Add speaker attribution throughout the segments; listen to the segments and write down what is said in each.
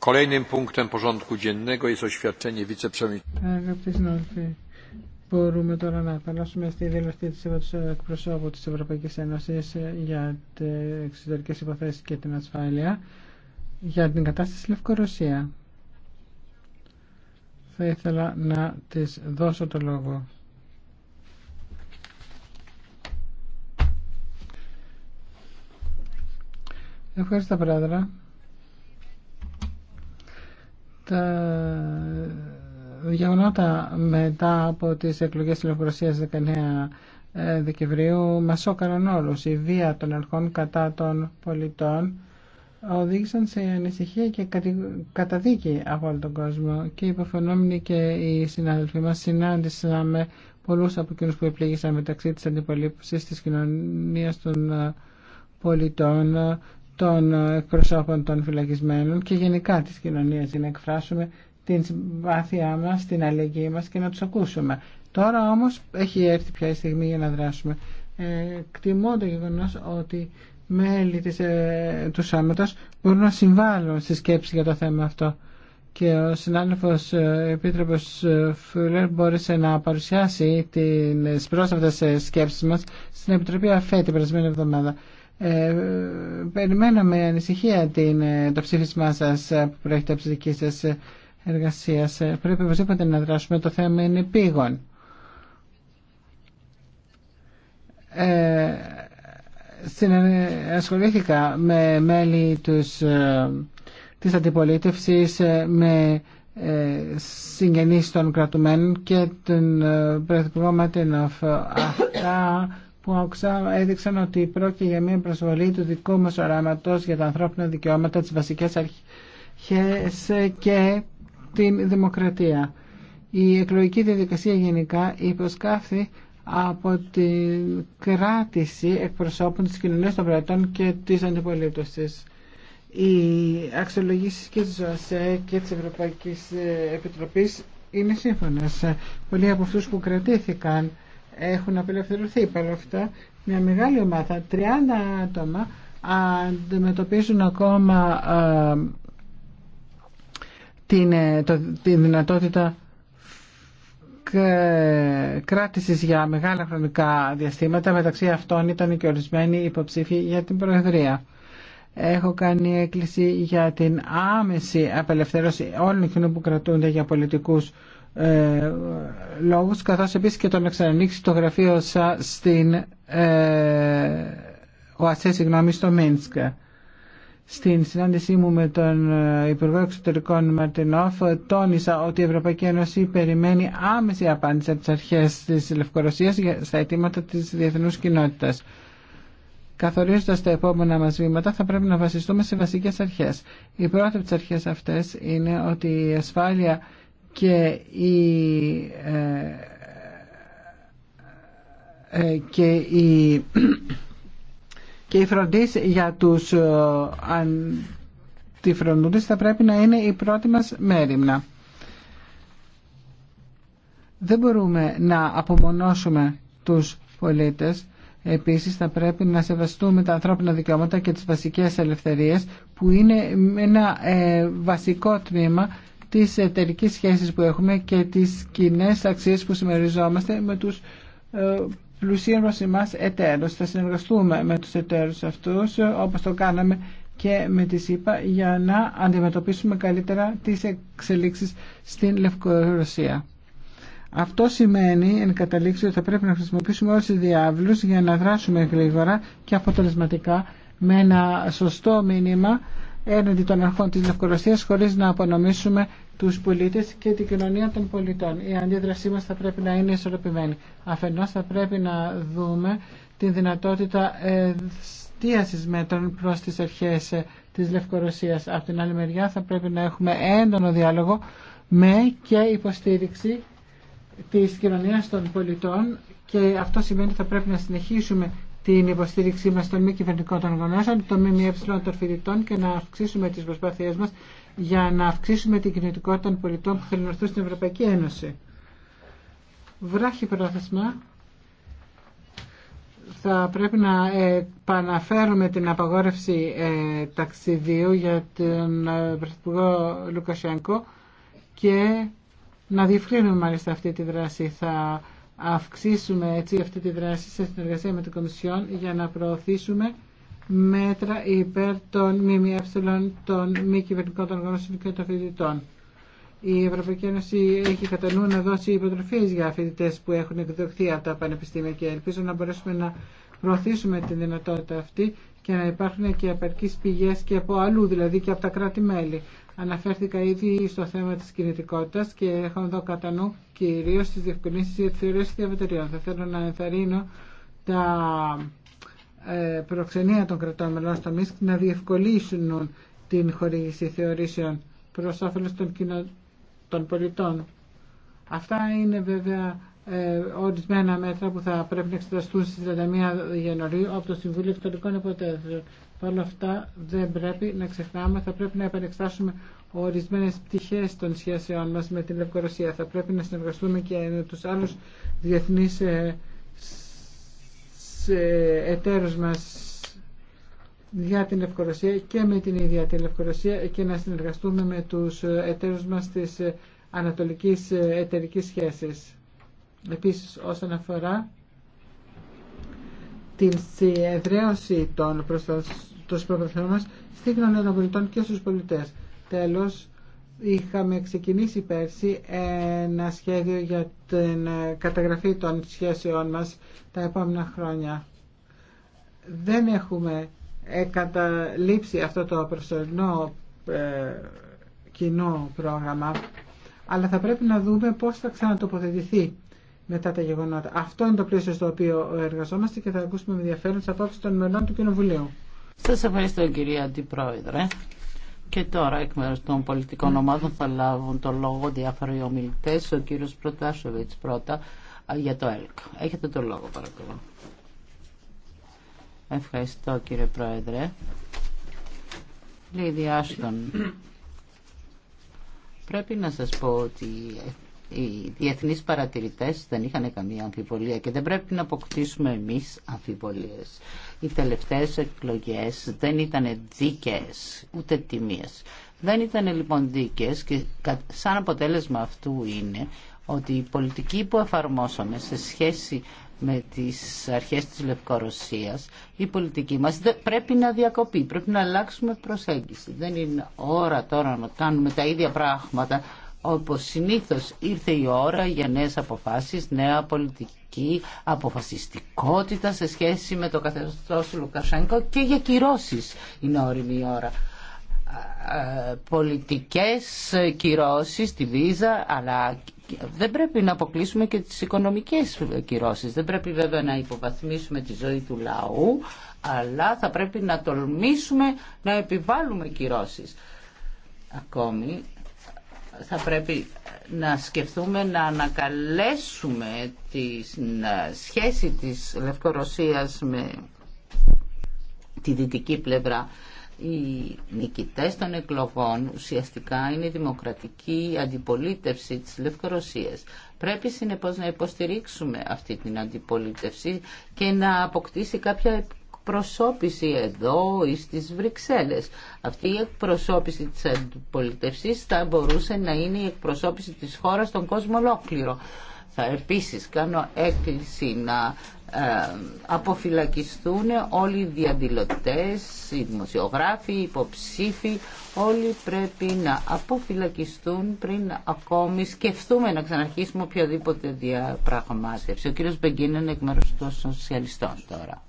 Speaker 1: Kolejnym punktem porządku dziennego jest oświadczenie
Speaker 2: wiceprzewodniczącego. Μπορούμε τώρα να περάσουμε στη δήλωση τη τη Ευρωπαϊκή Ένωση για τι εξωτερικέ υποθέσει και την ασφάλεια για την κατάσταση στη Λευκορωσία. Θα ήθελα να τη δώσω το λόγο. Ευχαριστώ, Πρόεδρε τα γεγονότα μετά από τις εκλογές της Λευκορωσίας 19 ε, Δεκεμβρίου μα σώκαραν όλους. Η βία των αρχών κατά των πολιτών οδήγησαν σε ανησυχία και καταδίκη από όλο τον κόσμο και υποφαινόμενοι και οι συνάδελφοί μας συνάντησαν με πολλούς από εκείνους που επλήγησαν μεταξύ της αντιπολίπωσης της κοινωνίας των ε, πολιτών, των εκπροσώπων των φυλακισμένων και γενικά της κοινωνίας για να εκφράσουμε την συμπάθειά μας, την αλληλεγγύη μας και να τους ακούσουμε. Τώρα όμως έχει έρθει πια η στιγμή για να δράσουμε. Ε, κτιμώ το γεγονός ότι μέλη ε, του Σώματος μπορούν να συμβάλλουν στη σκέψη για το θέμα αυτό. Και ο συνάδελφος ε, Επίτροπος ε, Φούλερ μπόρεσε να παρουσιάσει τις πρόσφατες ε, σκέψεις μας στην Επιτροπή ΑΦΕ την περασμένη εβδομάδα. Ε, περιμένω με ανησυχία την, ε, το ψήφισμά σα ε, που προέρχεται από τη δική σα εργασία. Ε, πρέπει οπωσδήποτε να δράσουμε. Το θέμα είναι πήγον. Ε, ασχολήθηκα με μέλη τους, της αντιπολίτευσης, με ε, συγγενείς των κρατουμένων και τον ε, Πρωθυπουργό Ματίνοφ. Αυτά που έδειξαν ότι πρόκειται για μια προσβολή του δικού μας οράματος για τα ανθρώπινα δικαιώματα, τις βασικές αρχές και τη δημοκρατία. Η εκλογική διαδικασία γενικά υποσκάφθη από την κράτηση εκπροσώπων της κοινωνίας των πρατων και της αντιπολίτευσης. Οι αξιολογήσεις και της ΟΑΣΕ και της Ευρωπαϊκής Επιτροπής είναι σύμφωνες. Πολλοί από αυτούς που κρατήθηκαν έχουν απελευθερωθεί. Παρ' αυτά, μια μεγάλη ομάδα, 30 άτομα, αντιμετωπίζουν ακόμα την, ε, την δυνατότητα ε, κράτησης για μεγάλα χρονικά διαστήματα. Μεταξύ αυτών ήταν και ορισμένοι υποψήφοι για την Προεδρία. Έχω κάνει έκκληση για την άμεση απελευθέρωση όλων εκείνων που κρατούνται για πολιτικούς ε, λόγους καθώς επίσης και το να ξανανοίξει το γραφείο σα στην ε, ΟΑΣΕ συγγνώμη στο Μίνσκ στην συνάντησή μου με τον ε, Υπουργό Εξωτερικών Μαρτινόφ τόνισα ότι η Ευρωπαϊκή Ένωση περιμένει άμεση απάντηση από τις αρχές της Λευκορωσίας στα αιτήματα της διεθνούς κοινότητας. Καθορίζοντα τα επόμενα μα βήματα, θα πρέπει να βασιστούμε σε βασικέ αρχέ. Η πρώτη από τι αρχέ αυτέ είναι ότι η ασφάλεια ε, ε, και η, και η, και η για τους ε, αντιφροντούντες θα πρέπει να είναι η πρώτη μας μέρημνα. Δεν μπορούμε να απομονώσουμε τους πολίτες. Επίσης θα πρέπει να σεβαστούμε τα ανθρώπινα δικαιώματα και τις βασικές ελευθερίες που είναι ένα βασικό τμήμα τις εταιρικέ σχέσεις που έχουμε και τις κοινέ αξίες που συμμεριζόμαστε με τους ε, πλουσίων μας εμάς εταίρους. Θα συνεργαστούμε με τους εταίρους αυτούς όπως το κάναμε και με τη ΣΥΠΑ για να αντιμετωπίσουμε καλύτερα τις εξελίξεις στην Λευκορωσία. Αυτό σημαίνει εν καταλήξει ότι θα πρέπει να χρησιμοποιήσουμε όλους του διάβλους για να δράσουμε γρήγορα και αποτελεσματικά με ένα σωστό μήνυμα έναντι των αρχών της Λευκορωσίας χωρίς να απονομήσουμε τους πολίτες και την κοινωνία των πολιτών. Η αντίδρασή μας θα πρέπει να είναι ισορροπημένη. Αφενός θα πρέπει να δούμε τη δυνατότητα εστίασης μέτρων προς τις αρχές ε, της Λευκορωσίας. Από την άλλη μεριά θα πρέπει να έχουμε έντονο διάλογο με και υποστήριξη της κοινωνίας των πολιτών και αυτό σημαίνει ότι θα πρέπει να συνεχίσουμε την υποστήριξή μας των μη κυβερνικών των το των ΜΜΕ των φοιτητών και να αυξήσουμε τις προσπάθειές μας για να αυξήσουμε την κινητικότητα των πολιτών που θέλουν να στην Ευρωπαϊκή Ένωση. Βράχει πρόθεσμα θα πρέπει να επαναφέρουμε την απαγόρευση ε, ταξιδίου για τον ε, Πρωθυπουργό Λουκασιανκό και να διευκρίνουμε μάλιστα αυτή τη δράση. Θα αυξήσουμε έτσι αυτή τη δράση σε συνεργασία με την Κομισιόν για να προωθήσουμε μέτρα υπέρ των ΜΜΕ, των μη κυβερνικών των οργανώσεων και των φοιτητών. Η Ευρωπαϊκή Ένωση έχει κατά νου να δώσει υποτροφίε για φοιτητέ που έχουν εκδοχθεί από τα πανεπιστήμια και ελπίζω να μπορέσουμε να προωθήσουμε τη δυνατότητα αυτή και να υπάρχουν και επαρκεί πηγέ και από αλλού, δηλαδή και από τα κράτη-μέλη. Αναφέρθηκα ήδη στο θέμα της κινητικότητας και έχω εδώ κατά νου κυρίως τις διευκολύνσεις για τη θεωρήση Θα θέλω να ενθαρρύνω τα ε, προξενία των κρατών μελών στο ΜΙΣΚ να διευκολύσουν την χορήγηση θεωρήσεων προς όφελος των, των πολιτών. Αυτά είναι βέβαια ε, ορισμένα μέτρα που θα πρέπει να εξεταστούν στις 31 Γενωρίου από το Συμβούλιο Εκτορικών Υποθέσεων. Παρ' όλα αυτά δεν πρέπει να ξεχνάμε, θα πρέπει να επανεξετάσουμε ορισμένες πτυχές των σχέσεών μας με την Λευκορωσία. Θα πρέπει να συνεργαστούμε και με τους άλλους διεθνείς ε, εταίρους μας για την Λευκορωσία και με την ίδια τη Λευκορωσία και να συνεργαστούμε με τους ε, εταίρους μας της ανατολικής εταιρικής σχέσης. Επίσης όσον αφορά την συνεδρίαση των προστασιών μας στη κοινωνία πολιτών και στους πολιτές. Τέλος, είχαμε ξεκινήσει πέρσι ένα σχέδιο για την ε, καταγραφή των σχέσεών μας τα επόμενα χρόνια. Δεν έχουμε καταλήψει αυτό το προσωρινό ε, κοινό πρόγραμμα, αλλά θα πρέπει να δούμε πώς θα ξανατοποθετηθεί μετά τα γεγονότα. Αυτό είναι το πλαίσιο στο οποίο εργαζόμαστε και θα ακούσουμε με ενδιαφέρον τι απόψει των μελών
Speaker 3: του Κοινοβουλίου. Σας ευχαριστώ κυρία Αντιπρόεδρε. Και τώρα εκ μέρου των πολιτικών ομάδων θα λάβουν το λόγο διάφοροι ομιλητέ. Ο κύριο Προτάσοβιτ πρώτα για το ΕΛΚ. Έχετε το λόγο, παρακαλώ. Ευχαριστώ κύριε Πρόεδρε. Λίδη Άστον. Πρέπει να σας πω ότι οι διεθνείς παρατηρητές δεν είχαν καμία αμφιβολία και δεν πρέπει να αποκτήσουμε εμείς αμφιβολίες. Οι τελευταίες εκλογές δεν ήταν δίκαιες ούτε τιμίες. Δεν ήταν λοιπόν δίκαιες και σαν αποτέλεσμα αυτού είναι ότι η πολιτική που εφαρμόσαμε σε σχέση με τις αρχές της Λευκορωσίας η πολιτική μας πρέπει να διακοπεί, πρέπει να αλλάξουμε προσέγγιση. Δεν είναι ώρα τώρα να κάνουμε τα ίδια πράγματα όπως συνήθως ήρθε η ώρα για νέες αποφάσεις, νέα πολιτική αποφασιστικότητα σε σχέση με το καθεστώς του Λουκασάνικο και για κυρώσεις είναι όριμη η ώρα. Ε, πολιτικές κυρώσεις τη Βίζα, αλλά δεν πρέπει να αποκλείσουμε και τις οικονομικές κυρώσεις. Δεν πρέπει βέβαια να υποβαθμίσουμε τη ζωή του λαού, αλλά θα πρέπει να τολμήσουμε να επιβάλλουμε κυρώσεις. Ακόμη θα πρέπει να σκεφτούμε να ανακαλέσουμε τη σχέση της Λευκορωσίας με τη δυτική πλευρά. Οι νικητές των εκλογών ουσιαστικά είναι η δημοκρατική αντιπολίτευση της Λευκορωσίας. Πρέπει συνεπώς να υποστηρίξουμε αυτή την αντιπολίτευση και να αποκτήσει κάποια εκπροσώπηση εδώ ή στις Βρυξέλλες. Αυτή η εκπροσώπηση της αντιπολιτευσής θα μπορούσε να είναι η εκπροσώπηση της χώρας στον κόσμο ολόκληρο. Θα επίσης κάνω έκκληση να ε, αποφυλακιστούν όλοι οι διαδηλωτές, οι δημοσιογράφοι, οι υποψήφοι, όλοι πρέπει να αποφυλακιστούν πριν ακόμη σκεφτούμε να ξαναρχίσουμε οποιαδήποτε διαπραγμάτευση. Ο κύριος Μπεγκίνεν εκ μέρους των σοσιαλιστών τώρα.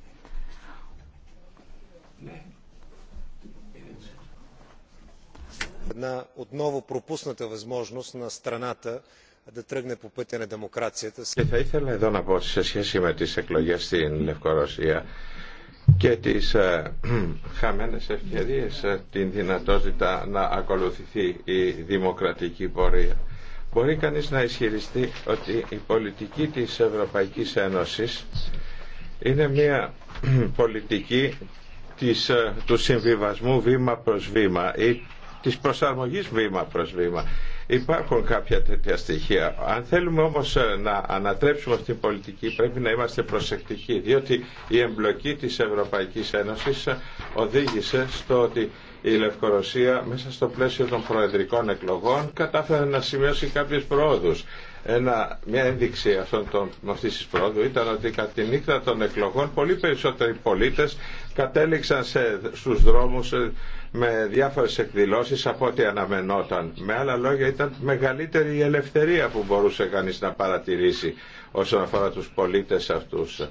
Speaker 4: Και θα ήθελα εδώ να πω σε σχέση με τις εκλογές στην Λευκορωσία και τις χαμένες ευκαιρίες την δυνατότητα να ακολουθηθεί η δημοκρατική πορεία. Μπορεί κανείς να ισχυριστεί ότι η πολιτική της Ευρωπαϊκής Ένωσης είναι μια πολιτική του συμβιβασμού βήμα προς βήμα ή της προσαρμογής βήμα προς βήμα. Υπάρχουν κάποια τέτοια στοιχεία. Αν θέλουμε όμως ε, να ανατρέψουμε αυτήν την πολιτική πρέπει να είμαστε προσεκτικοί διότι η εμπλοκή της Ευρωπαϊκής Ένωσης ε, οδήγησε στο ότι η Λευκορωσία μέσα στο πλαίσιο των προεδρικών εκλογών κατάφερε να σημειώσει κάποιες προόδους. Ένα, μια ένδειξη αυτών των, αυτής πρόοδου ήταν ότι κατά τη νύχτα των εκλογών πολύ περισσότεροι πολίτες κατέληξαν σε, στους ε, με διάφορες εκδηλώσεις από ό,τι αναμενόταν. Με άλλα λόγια ήταν μεγαλύτερη η ελευθερία που μπορούσε κανείς να παρατηρήσει όσον αφορά τους πολίτες αυτούς.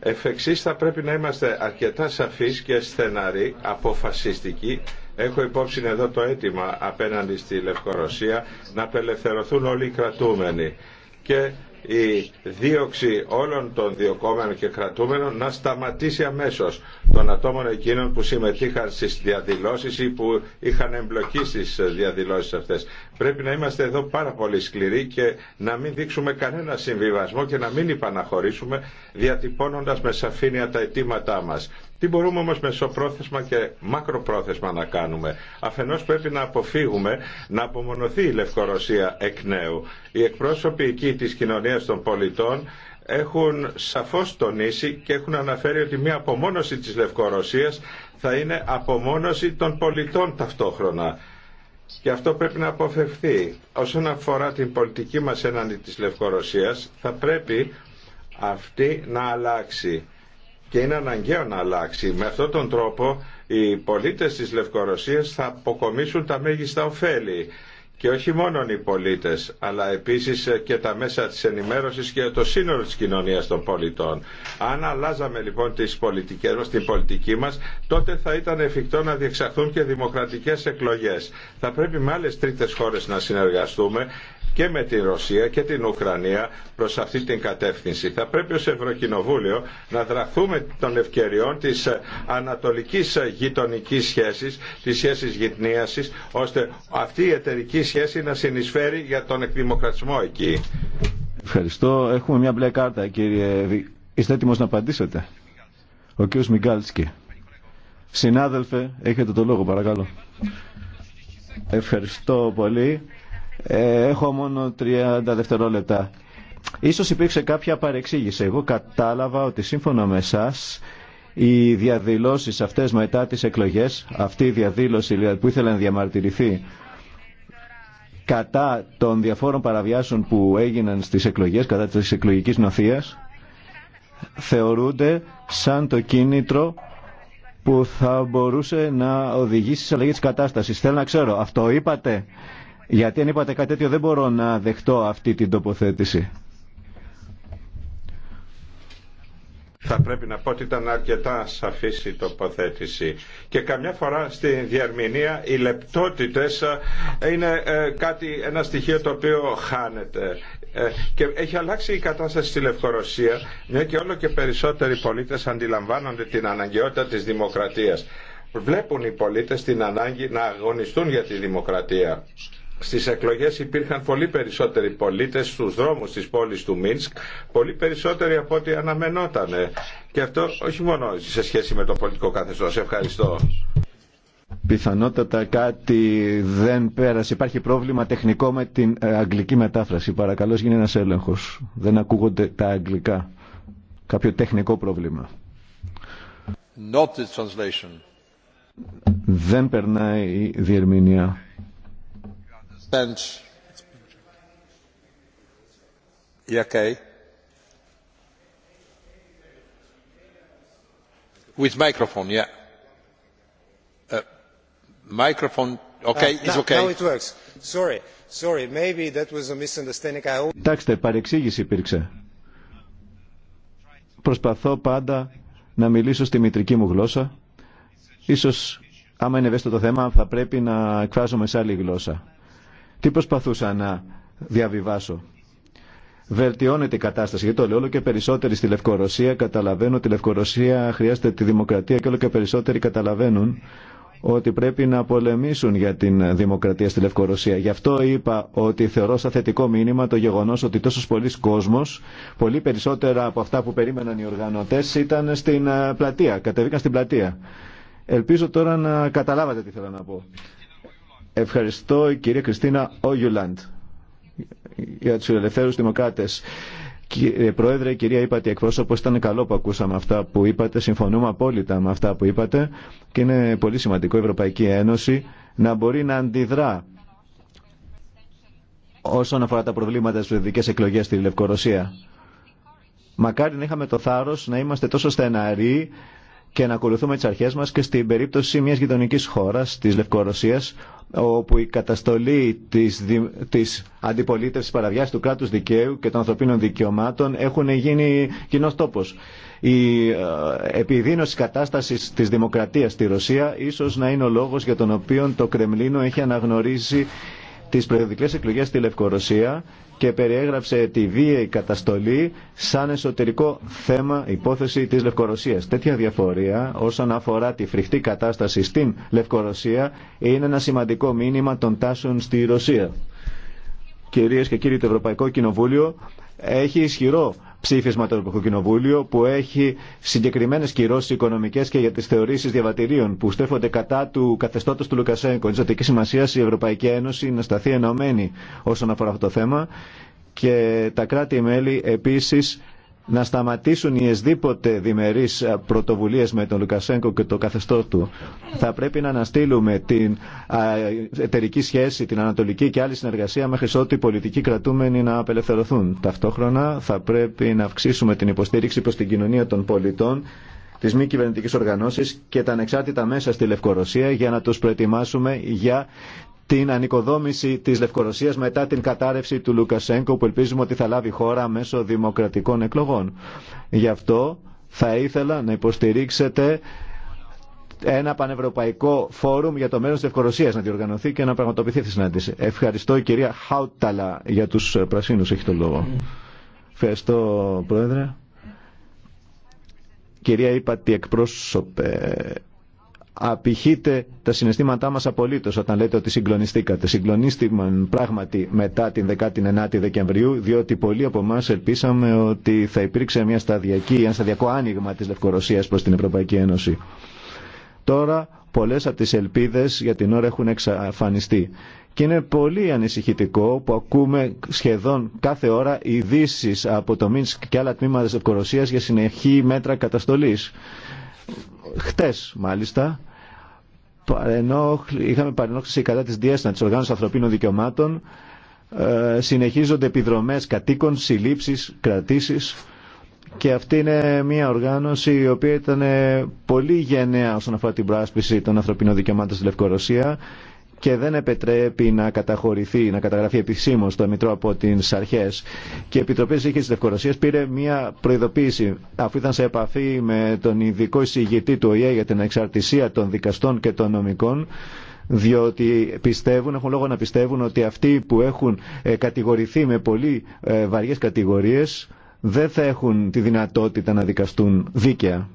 Speaker 4: Εφ' θα πρέπει να είμαστε αρκετά σαφείς και στεναροί, αποφασιστικοί. Έχω υπόψη εδώ το αίτημα απέναντι στη Λευκορωσία να απελευθερωθούν όλοι οι κρατούμενοι. Και η δίωξη όλων των διοκόμενων και κρατούμενων να σταματήσει αμέσως των ατόμων εκείνων που συμμετείχαν στις διαδηλώσεις ή που είχαν εμπλοκή στις διαδηλώσεις αυτές. Πρέπει να είμαστε εδώ πάρα πολύ σκληροί και να μην δείξουμε κανένα συμβιβασμό και να μην υπαναχωρήσουμε διατυπώνοντας με σαφήνεια τα αιτήματά μας. Τι μπορούμε όμως μεσοπρόθεσμα και μακροπρόθεσμα να κάνουμε. Αφενός πρέπει να αποφύγουμε να απομονωθεί η Λευκορωσία εκ νέου. Οι εκπρόσωποι εκεί της κοινωνίας των πολιτών έχουν σαφώς τονίσει και έχουν αναφέρει ότι μια απομόνωση της Λευκορωσίας θα είναι απομόνωση των πολιτών ταυτόχρονα. Και αυτό πρέπει να αποφευθεί. Όσον αφορά την πολιτική μας έναντι της Λευκορωσίας, θα πρέπει αυτή να αλλάξει και είναι αναγκαίο να αλλάξει. Με αυτόν τον τρόπο οι πολίτες της Λευκορωσίας θα αποκομίσουν τα μέγιστα ωφέλη και όχι μόνο οι πολίτες αλλά επίσης και τα μέσα της ενημέρωσης και το σύνολο της κοινωνίας των πολιτών. Αν αλλάζαμε λοιπόν τις πολιτικές μας, την πολιτική μας τότε θα ήταν εφικτό να διεξαχθούν και δημοκρατικές εκλογές. Θα πρέπει με άλλες τρίτες χώρες να συνεργαστούμε και με την Ρωσία και την Ουκρανία προς αυτή την κατεύθυνση. Θα πρέπει ως Ευρωκοινοβούλιο να δραχθούμε των ευκαιριών της ανατολικής γειτονικής σχέσης, της σχέσης γειτνίασης, ώστε αυτή η εταιρική σχέση να συνεισφέρει για τον εκδημοκρατισμό εκεί.
Speaker 5: Ευχαριστώ. Έχουμε μια μπλε κάρτα, κύριε. Είστε έτοιμος να απαντήσετε. Ο κύριος Μιγκάλσκι. Συνάδελφε, έχετε το λόγο, παρακαλώ. Ευχαριστώ πολύ. Ε, έχω μόνο 30 δευτερόλεπτα. Ίσως υπήρξε κάποια παρεξήγηση. Εγώ κατάλαβα ότι σύμφωνα με εσά οι διαδηλώσει αυτές μετά τις εκλογές, αυτή η διαδήλωση δηλαδή, που ήθελα να διαμαρτυρηθεί κατά των διαφόρων παραβιάσεων που έγιναν στις εκλογές, κατά της εκλογικής νοθείας, θεωρούνται σαν το κίνητρο που θα μπορούσε να οδηγήσει σε αλλαγή της κατάστασης. Θέλω να ξέρω, αυτό είπατε, γιατί αν είπατε κάτι τέτοιο δεν μπορώ να δεχτώ αυτή την τοποθέτηση.
Speaker 4: θα πρέπει να πω ότι ήταν αρκετά σαφής η τοποθέτηση και καμιά φορά στη διαρμηνία οι λεπτότητες ε, είναι ε, κάτι, ένα στοιχείο το οποίο χάνεται ε, και έχει αλλάξει η κατάσταση στη Λευκορωσία μια και όλο και περισσότεροι πολίτες αντιλαμβάνονται την αναγκαιότητα της δημοκρατίας βλέπουν οι πολίτες την ανάγκη να αγωνιστούν για τη δημοκρατία στις εκλογές υπήρχαν πολύ περισσότεροι πολίτες στους δρόμους της πόλης του Μίνσκ, πολύ περισσότεροι από ό,τι αναμενόταν. Και αυτό όχι μόνο σε σχέση με το πολιτικό καθεστώς. Ευχαριστώ.
Speaker 5: Πιθανότατα κάτι δεν πέρασε. Υπάρχει πρόβλημα τεχνικό με την ε, αγγλική μετάφραση. Παρακαλώ, γίνει ένας έλεγχος. Δεν ακούγονται τα αγγλικά. Κάποιο τεχνικό πρόβλημα. Δεν περνάει η διερμηνία bench. Κοιτάξτε, παρεξήγηση υπήρξε. Προσπαθώ πάντα να μιλήσω στη μητρική μου γλώσσα. Ίσως, άμα είναι ευαίσθητο το θέμα, θα πρέπει να εκφράζομαι σε άλλη γλώσσα. Τι προσπαθούσα να διαβιβάσω. Βελτιώνεται η κατάσταση. Γιατί το λέω όλο και περισσότεροι στη Λευκορωσία καταλαβαίνουν ότι η Λευκορωσία χρειάζεται τη δημοκρατία και όλο και περισσότεροι καταλαβαίνουν ότι πρέπει να πολεμήσουν για την δημοκρατία στη Λευκορωσία. Γι' αυτό είπα ότι θεωρώ σαν θετικό μήνυμα το γεγονό ότι τόσο πολλοί κόσμος πολύ περισσότερα από αυτά που περίμεναν οι οργανωτέ, ήταν στην ε, πλατεία, κατεβήκαν στην πλατεία. Ελπίζω τώρα να καταλάβατε τι θέλω να πω. Ευχαριστώ η κυρία Κριστίνα Όγιουλαντ για τους ελευθέρους δημοκράτες. Κύριε Πρόεδρε, κυρία είπατε εκπρόσωπο, ήταν καλό που ακούσαμε αυτά που είπατε. Συμφωνούμε απόλυτα με αυτά που είπατε και είναι πολύ σημαντικό η Ευρωπαϊκή Ένωση να μπορεί να αντιδρά όσον αφορά τα προβλήματα στις ειδικές εκλογές στη Λευκορωσία. Μακάρι να είχαμε το θάρρος να είμαστε τόσο στεναροί και να ακολουθούμε τις αρχές μας και στην περίπτωση μιας γειτονική χώρας της Λευκορωσίας όπου η καταστολή της, της αντιπολίτευσης του κράτους δικαίου και των ανθρωπίνων δικαιωμάτων έχουν γίνει κοινό τόπος. Η ε, επιδείνωση κατάστασης της δημοκρατίας στη Ρωσία ίσως να είναι ο λόγος για τον οποίο το Κρεμλίνο έχει αναγνωρίσει τις προεδρικές εκλογές στη Λευκορωσία και περιέγραψε τη βίαιη καταστολή σαν εσωτερικό θέμα υπόθεση της Λευκορωσίας. Τέτοια διαφορία όσον αφορά τη φρικτή κατάσταση στην Λευκορωσία είναι ένα σημαντικό μήνυμα των τάσεων στη Ρωσία. Κυρίες και κύριοι, το Ευρωπαϊκό Κοινοβούλιο έχει ισχυρό ψήφισμα το Ευρωπαϊκό Κοινοβούλιο που έχει συγκεκριμένε κυρώσει οικονομικέ και για τι θεωρήσει διαβατηρίων που στρέφονται κατά του καθεστώτο του Λουκασέγκο. Είναι ζωτική σημασία η Ευρωπαϊκή Ένωση να σταθεί ενωμένη όσον αφορά αυτό το θέμα και τα κράτη-μέλη επίσης να σταματήσουν οι εσδήποτε διμερείς πρωτοβουλίες με τον Λουκασέγκο και το καθεστώ του. Θα πρέπει να αναστείλουμε την εταιρική σχέση, την ανατολική και άλλη συνεργασία μέχρι ό,τι οι πολιτικοί κρατούμενοι να απελευθερωθούν. Ταυτόχρονα θα πρέπει να αυξήσουμε την υποστήριξη προς την κοινωνία των πολιτών τις μη κυβερνητικέ οργανώσει και τα ανεξάρτητα μέσα στη Λευκορωσία για να του προετοιμάσουμε για την ανοικοδόμηση της Λευκορωσίας μετά την κατάρρευση του Λουκασέγκο που ελπίζουμε ότι θα λάβει χώρα μέσω δημοκρατικών εκλογών. Γι' αυτό θα ήθελα να υποστηρίξετε ένα πανευρωπαϊκό φόρουμ για το μέλλον της Λευκορωσίας να διοργανωθεί και να πραγματοποιηθεί αυτή η συνάντηση. Ευχαριστώ η κυρία Χάουταλα για τους πρασίνους, έχει το λόγο. Ευχαριστώ Πρόεδρε. Κυρία Ήπατη εκπρόσωπε, απηχείτε τα συναισθήματά μας απολύτως όταν λέτε ότι συγκλονιστήκατε. Συγκλονίστηκαν πράγματι μετά την 19η Δεκεμβρίου, διότι πολλοί από εμά ελπίσαμε ότι θα υπήρξε μια σταδιακή, ένα σταδιακό άνοιγμα της Λευκορωσίας προς την Ευρωπαϊκή Ένωση. Τώρα πολλές από τις ελπίδες για την ώρα έχουν εξαφανιστεί. Και είναι πολύ ανησυχητικό που ακούμε σχεδόν κάθε ώρα ειδήσει από το Μίνσκ και άλλα τμήματα της Ευκορωσίας για συνεχή μέτρα καταστολής χτες μάλιστα, είχαμε παρενόχληση κατά της Διέσνα, της Οργάνωσης Ανθρωπίνων Δικαιωμάτων, ε, συνεχίζονται επιδρομές κατοίκων, συλλήψεις, κρατήσεις και αυτή είναι μια οργάνωση η οποία ήταν ε, πολύ γενναία όσον αφορά την προάσπιση των ανθρωπίνων δικαιωμάτων στη Λευκορωσία και δεν επιτρέπει να καταχωρηθεί, να καταγραφεί επισήμω το Μητρό από τι αρχέ. Και η Επιτροπή Ζήχη τη Λευκορωσία πήρε μια προειδοποίηση, αφού ήταν σε επαφή με τον ειδικό εισηγητή του ΟΗΕ για την εξαρτησία των δικαστών και των νομικών, διότι πιστεύουν, έχουν λόγο να πιστεύουν ότι αυτοί που έχουν ε, κατηγορηθεί με πολύ ε, βαριές κατηγορίες δεν θα έχουν τη δυνατότητα να δικαστούν δίκαια.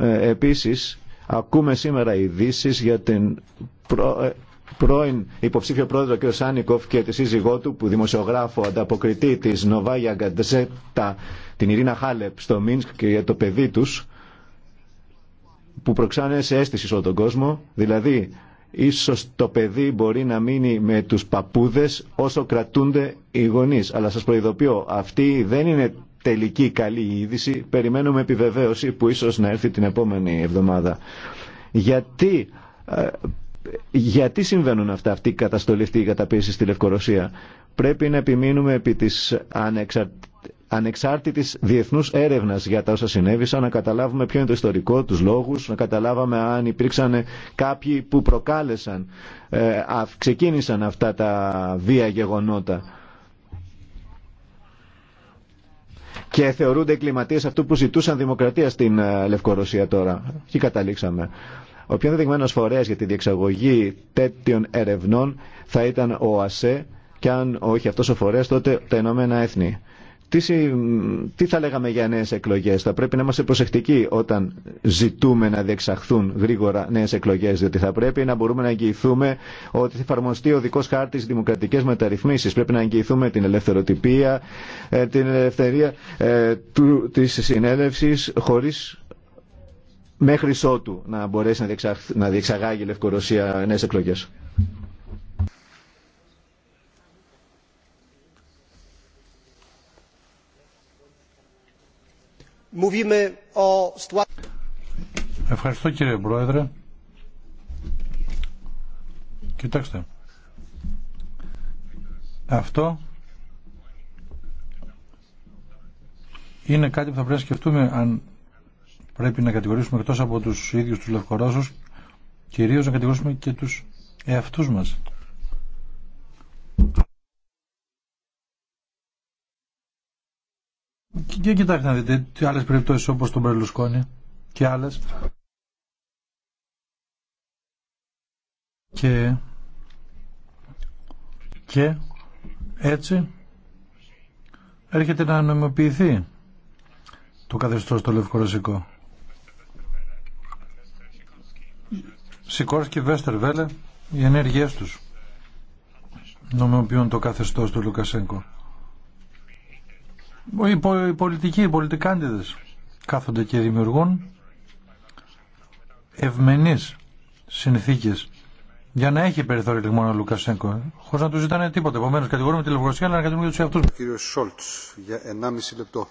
Speaker 5: Ε, επίσης, ακούμε σήμερα ειδήσει για την ε, πρώην υποψήφιο πρόεδρο κ. Σάνικοφ και τη σύζυγό του που δημοσιογράφο ανταποκριτή της Νοβάγια Γκαντζέτα την Ειρήνα Χάλεπ στο Μίνσκ και για το παιδί τους που προξάνε σε αίσθηση σε όλο τον κόσμο δηλαδή ίσως το παιδί μπορεί να μείνει με τους παππούδες όσο κρατούνται οι γονείς αλλά σας προειδοποιώ αυτή δεν είναι τελική καλή είδηση περιμένουμε επιβεβαίωση που ίσως να έρθει την επόμενη εβδομάδα γιατί ε, γιατί συμβαίνουν αυτά, αυτή η καταστολή, αυτή η καταπίεση στη Λευκορωσία. Πρέπει να επιμείνουμε επί της ανεξάρτητης διεθνούς έρευνας για τα όσα συνέβησαν, να καταλάβουμε ποιο είναι το ιστορικό, τους λόγους, να καταλάβαμε αν υπήρξαν κάποιοι που προκάλεσαν, ε, α, ξεκίνησαν αυτά τα βία γεγονότα. Και θεωρούνται κλιματίες αυτού που ζητούσαν δημοκρατία στην ε, Λευκορωσία τώρα. Και καταλήξαμε. Ο πιο ενδεδειγμένο φορέα για τη διεξαγωγή τέτοιων ερευνών θα ήταν ο ΑΣΕ και αν όχι αυτό ο φορέα, τότε τα Ηνωμένα Έθνη. Τι, τι θα λέγαμε για νέε εκλογέ, θα πρέπει να είμαστε προσεκτικοί όταν ζητούμε να διεξαχθούν γρήγορα νέε εκλογέ, διότι θα πρέπει να μπορούμε να εγγυηθούμε ότι θα εφαρμοστεί ο δικό χάρτη δημοκρατικέ μεταρρυθμίσει. Πρέπει να εγγυηθούμε την ελευθεροτυπία, ε, την ελευθερία ε, τη συνέλευση χωρί μέχρι ότου να μπορέσει να, διεξα... να διεξαγάγει η Λευκορωσία νέες εκλογές.
Speaker 1: Ευχαριστώ κύριε Πρόεδρε. Κοιτάξτε. Αυτό είναι κάτι που θα πρέπει να σκεφτούμε αν πρέπει να κατηγορήσουμε εκτός από τους ίδιους τους Λευκορώσους κυρίως να κατηγορήσουμε και τους εαυτούς μας. Και κοιτάξτε να δείτε τι άλλες περιπτώσεις όπως τον Πρελουσκόνη και άλλες. Και, και έτσι έρχεται να νομιμοποιηθεί το καθεστώς το λευκορωσικό. Σικόρσκι, Βέστερ Βέλε, οι ενέργειές τους νομιμοποιούν το καθεστώς του Λουκασέγκο. Οι πολιτικοί, οι πολιτικάντιδες κάθονται και δημιουργούν ευμενείς συνθήκες για να έχει περιθώριο λιγμόνο ο Λουκασέγκο, χωρίς να του ζητάνε τίποτα. Επομένως, κατηγορούμε τη Λευκοσία, αλλά να κατηγορούμε τους εαυτούς. Κύριος Σόλτς,
Speaker 6: για 1,5
Speaker 4: λεπτό.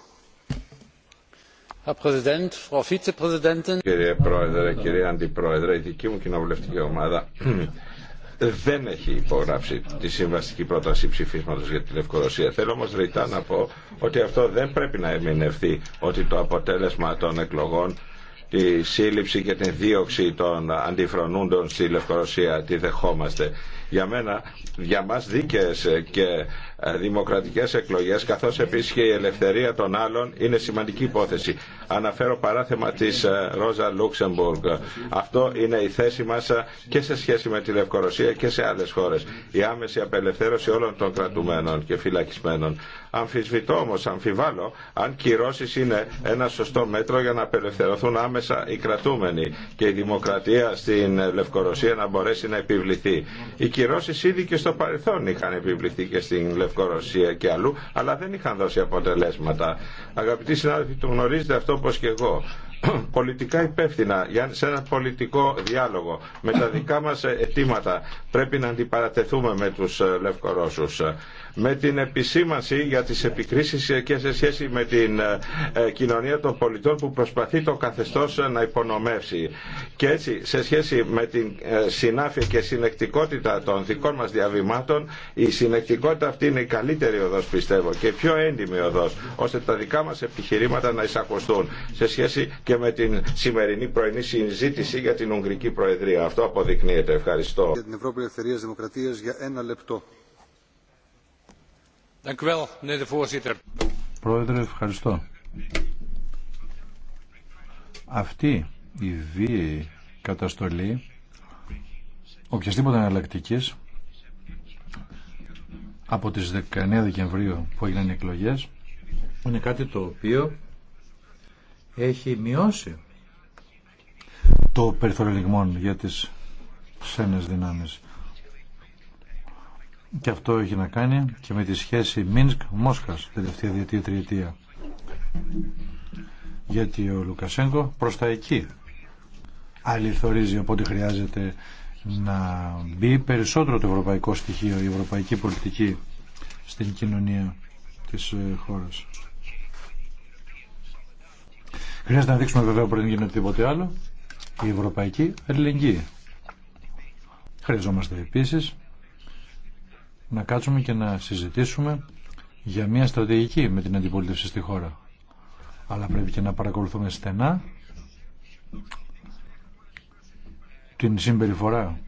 Speaker 4: Κύριε Πρόεδρε, κύριε Αντιπρόεδρε, η δική μου κοινοβουλευτική ομάδα δεν έχει υπογράψει τη συμβαστική πρόταση ψηφίσματος για τη Λευκορωσία. Θέλω όμως ρητά να πω ότι αυτό δεν πρέπει να εμεινευθεί ότι το αποτέλεσμα των εκλογών τη σύλληψη και την δίωξη των αντιφρονούντων στη Λευκορωσία τη δεχόμαστε. Για μένα, για μας δίκαιες και ε, δημοκρατικές εκλογές καθώς επίσης και η ελευθερία των άλλων είναι σημαντική υπόθεση. Αναφέρω παράθεμα της ε, Ρόζα Λούξεμπουργκ. Αυτό είναι η θέση μας ε, και σε σχέση με τη Λευκορωσία και σε άλλες χώρες. Η άμεση απελευθέρωση όλων των κρατουμένων και φυλακισμένων. Αμφισβητώ όμω, αμφιβάλλω, αν κυρώσει είναι ένα σωστό μέτρο για να απελευθερωθούν άμεσα οι κρατούμενοι και η δημοκρατία στην Λευκορωσία να μπορέσει να επιβληθεί. Οι κυρώσει ήδη και στο παρελθόν είχαν επιβληθεί και στην Λευκορωσία Λευκορωσία και αλλού, αλλά δεν είχαν δώσει αποτελέσματα. Αγαπητοί συνάδελφοι, το γνωρίζετε αυτό όπως και εγώ πολιτικά υπεύθυνα για σε ένα πολιτικό διάλογο με τα δικά μας αιτήματα πρέπει να αντιπαρατεθούμε με τους ε, Λευκορώσους με την επισήμανση για τις επικρίσεις και σε σχέση με την ε, ε, κοινωνία των πολιτών που προσπαθεί το καθεστώς να υπονομεύσει. Και έτσι σε σχέση με την ε, συνάφεια και συνεκτικότητα των δικών μας διαβημάτων η συνεκτικότητα αυτή είναι η καλύτερη οδός πιστεύω και η πιο έντιμη οδός ώστε τα δικά μας επιχειρήματα να εισακωστούν σε σχέση και με την σημερινή πρωινή συζήτηση για την Ουγγρική Προεδρία. Αυτό αποδεικνύεται. Ευχαριστώ. Για
Speaker 6: την Ευρώπη Ελευθερίας Δημοκρατίας για ένα λεπτό.
Speaker 1: Πρόεδρε, ευχαριστώ. Αυτή η βίαιη καταστολή οποιασδήποτε εναλλακτική από τις 19 Δεκεμβρίου που έγιναν οι εκλογές είναι κάτι το οποίο έχει μειώσει το περιθώριο για τις ξένες δυνάμεις και αυτό έχει να κάνει και με τη σχέση Μίνσκ-Μόσχας τελευταία διετία τριετία. Γιατί ο Λουκασέγκο προς τα εκεί αληθορίζει από ό,τι χρειάζεται να μπει περισσότερο το ευρωπαϊκό στοιχείο, η ευρωπαϊκή πολιτική στην κοινωνία της ε, χώρας. Χρειάζεται να δείξουμε βέβαια πριν γίνει οτιδήποτε άλλο η ευρωπαϊκή αλληλεγγύη. Χρειαζόμαστε επίσης να κάτσουμε και να συζητήσουμε για μια στρατηγική με την αντιπολίτευση στη χώρα. Αλλά πρέπει και να παρακολουθούμε στενά την συμπεριφορά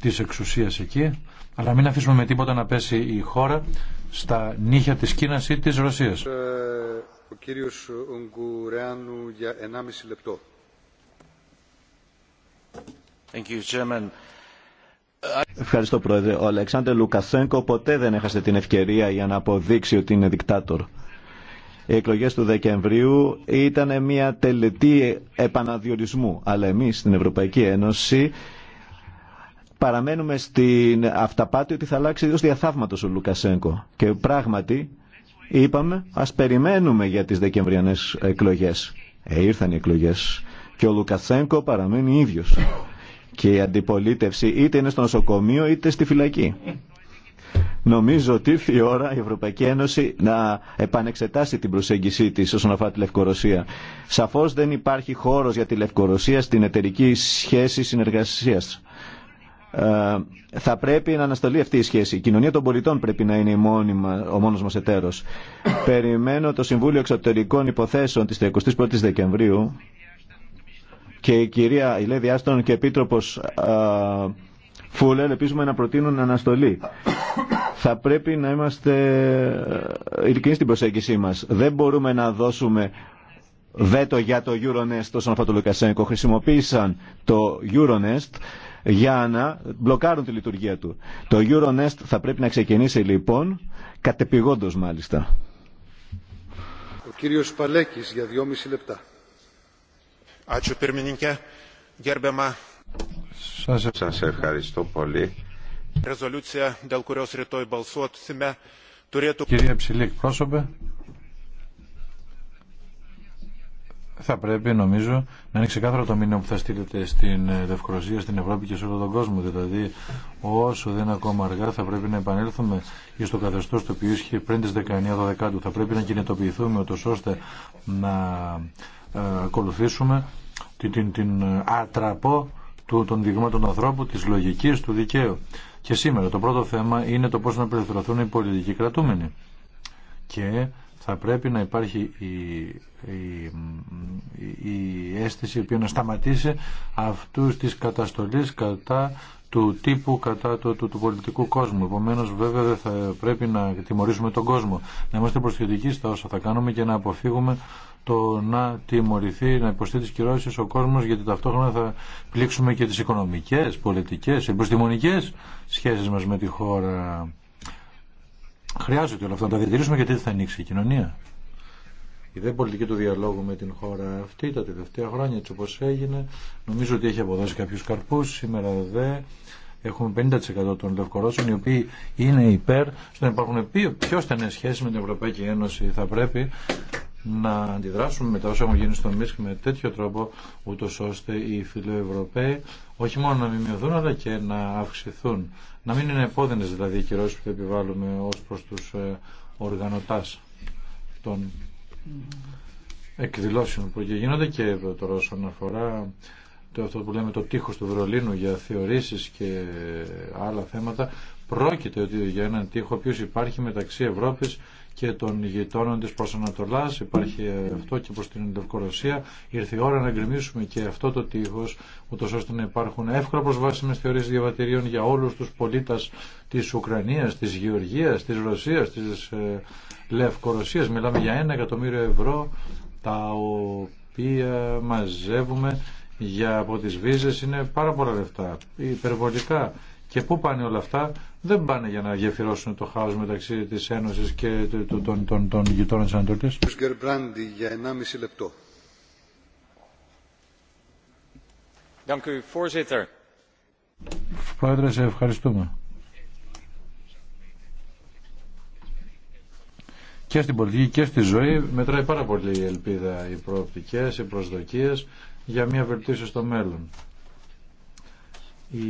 Speaker 1: της εξουσίας εκεί, αλλά μην αφήσουμε με τίποτα να πέσει η χώρα στα νύχια της Κίνας ή της Ρωσίας. Ε,
Speaker 6: ο κύριος Ογκουρεάνου για 1,5 λεπτό.
Speaker 1: Thank you,
Speaker 5: Ευχαριστώ Πρόεδρε. Ο Αλεξάνδρε Λουκασένκο ποτέ δεν έχασε την ευκαιρία για να αποδείξει ότι είναι δικτάτορ. Οι εκλογές του Δεκεμβρίου ήταν μια τελετή επαναδιορισμού. Αλλά εμείς στην Ευρωπαϊκή Ένωση παραμένουμε στην αυταπάτη ότι θα αλλάξει ως διαθαύματο ο Λουκασένκο. Και πράγματι είπαμε ας περιμένουμε για τι δεκεμβριανές εκλογές. Ε, ήρθαν οι εκλογές και ο Λουκασένκο παραμένει ίδιο και η αντιπολίτευση είτε είναι στο νοσοκομείο είτε στη φυλακή. Νομίζω ότι ήρθε η ώρα η Ευρωπαϊκή Ένωση να επανεξετάσει την προσέγγιση τη όσον αφορά τη Λευκορωσία. Σαφώ δεν υπάρχει χώρο για τη Λευκορωσία στην εταιρική σχέση συνεργασία. Ε, θα πρέπει να ανασταλεί αυτή η σχέση. Η κοινωνία των πολιτών πρέπει να είναι ο μόνο μα εταίρο. Περιμένω το Συμβούλιο Εξωτερικών Υποθέσεων τη 31η Δεκεμβρίου και η κυρία Ηλέδη Άστον και επίτροπος Φούλε, ελπίζουμε να προτείνουν αναστολή. Θα πρέπει να είμαστε ε, ειλικρινεί στην προσέγγιση μας. Δεν μπορούμε να δώσουμε βέτο για το Euronest όσον αφορά το Λουκασένικο. Χρησιμοποίησαν το Euronest για να μπλοκάρουν τη λειτουργία του. Το Euronest θα πρέπει να ξεκινήσει λοιπόν κατεπηγόντω μάλιστα.
Speaker 6: Ο κύριος Παλέκης για δυόμιση λεπτά.
Speaker 4: Σα ευχαριστώ πολύ. Κυρία Ψηλή, εκπρόσωπε,
Speaker 1: θα πρέπει νομίζω να είναι ξεκάθαρο το μήνυμα που θα στείλετε στην Δευκροσία, ε, στην Ευρώπη και σε όλο τον κόσμο. Δηλαδή, όσο δεν είναι ακόμα αργά, θα πρέπει να επανέλθουμε και στο καθεστώ το οποίο ίσχυε πριν τι 19-12. Θα πρέπει να κινητοποιηθούμε, ούτω ώστε να ε, ακολουθήσουμε την, την, ατραπό ε, του, των δειγμάτων ανθρώπου, της λογικής, του δικαίου. Και σήμερα το πρώτο θέμα είναι το πώς να απελευθερωθούν οι πολιτικοί κρατούμενοι. Και θα πρέπει να υπάρχει η, η, η αίσθηση η οποία να σταματήσει αυτούς τις καταστολές κατά του τύπου κατά του, του, του πολιτικού κόσμου. Επομένω, βέβαια, δεν θα πρέπει να τιμωρήσουμε τον κόσμο. Να είμαστε προσθετικοί στα όσα θα κάνουμε και να αποφύγουμε το να τιμωρηθεί, να υποστεί τι κυρώσει ο κόσμο, γιατί ταυτόχρονα θα πλήξουμε και τι οικονομικέ, πολιτικέ, επιστημονικέ σχέσει μα με τη χώρα. Χρειάζεται όλα αυτά να τα διατηρήσουμε γιατί θα ανοίξει η κοινωνία η δε πολιτική του διαλόγου με την χώρα αυτή τα τελευταία χρόνια έτσι όπως έγινε νομίζω ότι έχει αποδώσει κάποιους καρπούς σήμερα δε έχουμε 50% των Λευκορώσων οι οποίοι είναι υπέρ στο να υπάρχουν πιο στενές σχέσεις με την Ευρωπαϊκή Ένωση θα πρέπει να αντιδράσουμε μετά όσα έχουν γίνει στο Μίσκ με τέτοιο τρόπο ούτω ώστε οι φιλοευρωπαίοι όχι μόνο να μειωθούν αλλά και να αυξηθούν. Να μην είναι επώδυνες δηλαδή οι που επιβάλλουμε ως προς τους ε, οργανωτάς των εκδηλώσεων που και γίνονται και τώρα όσον αφορά το αυτό που λέμε το τείχος του Βερολίνου για θεωρήσεις και άλλα θέματα πρόκειται ότι για έναν τείχο ο υπάρχει μεταξύ Ευρώπης και των γειτόνων της προς Ανατολάς υπάρχει αυτό και προς την Λευκορωσία ήρθε η ώρα να γκρεμίσουμε και αυτό το τείχος ούτως ώστε να υπάρχουν εύκολα προσβάσιμες θεωρίες διαβατηρίων για όλους τους πολίτες της Ουκρανίας, της Γεωργίας, της Ρωσίας, της ε, Λευκορωσίας. Μιλάμε για ένα εκατομμύριο ευρώ τα οποία μαζεύουμε για από τις βίζες είναι πάρα πολλά λεφτά, υπερβολικά. Και πού πάνε όλα αυτά, δεν πάνε για να γεφυρώσουν το χάος μεταξύ της Ένωσης και των, γειτόνων της Ανατολής.
Speaker 6: για 1,5 λεπτό.
Speaker 1: Πρόεδρε, σε ευχαριστούμε. και στην πολιτική και στη ζωή μετράει πάρα πολύ η ελπίδα, οι προοπτικές, οι προσδοκίες για μια βελτίωση στο μέλλον. Η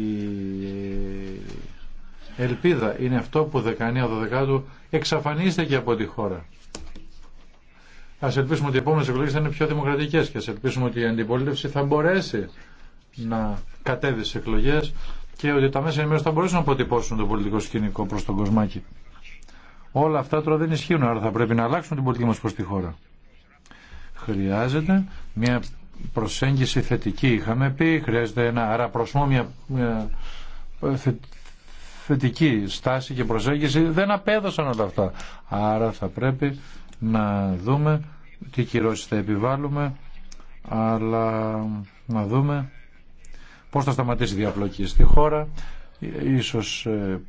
Speaker 1: ελπίδα είναι αυτό που 19-12 εξαφανίστηκε από τη χώρα. Α ελπίσουμε ότι οι επόμενε εκλογέ θα είναι πιο δημοκρατικέ και α ελπίσουμε ότι η αντιπολίτευση θα μπορέσει να κατέβει στι εκλογέ και ότι τα μέσα ενημέρωση θα μπορέσουν να αποτυπώσουν το πολιτικό σκηνικό προ τον κοσμάκι. Όλα αυτά τώρα δεν ισχύουν, άρα θα πρέπει να αλλάξουν την πολιτική μας προς τη χώρα. Χρειάζεται μια προσέγγιση θετική, είχαμε πει, χρειάζεται ένα άρα μια, θετική στάση και προσέγγιση. Δεν απέδωσαν όλα αυτά. Άρα θα πρέπει να δούμε τι κυρώσεις θα επιβάλλουμε, αλλά να δούμε πώς θα σταματήσει η διαπλοκή στη χώρα, Ίσως ε,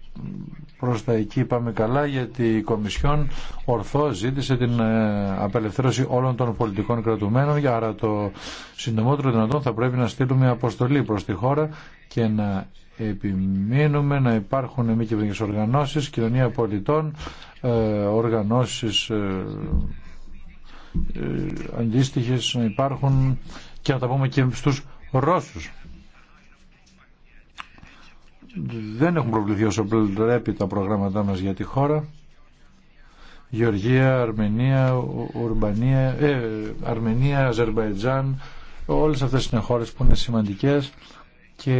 Speaker 1: προς τα εκεί πάμε καλά γιατί η Κομισιόν ορθώ ζήτησε την ε, απελευθέρωση όλων των πολιτικών κρατουμένων άρα το συντομότερο δυνατόν θα πρέπει να στείλουμε αποστολή προς τη χώρα και να επιμείνουμε να υπάρχουν μη κυβερνικές οργανώσεις, κοινωνία πολιτών, ε, οργανώσεις αντίστοιχες να υπάρχουν και να τα πούμε και στους Ρώσους δεν έχουν προβληθεί όσο πρέπει τα προγράμματά μας για τη χώρα. Γεωργία, Αρμενία, Ουρμπανία, ε, Αρμενία, Αζερβαϊτζάν, όλες αυτές είναι χώρες που είναι σημαντικές και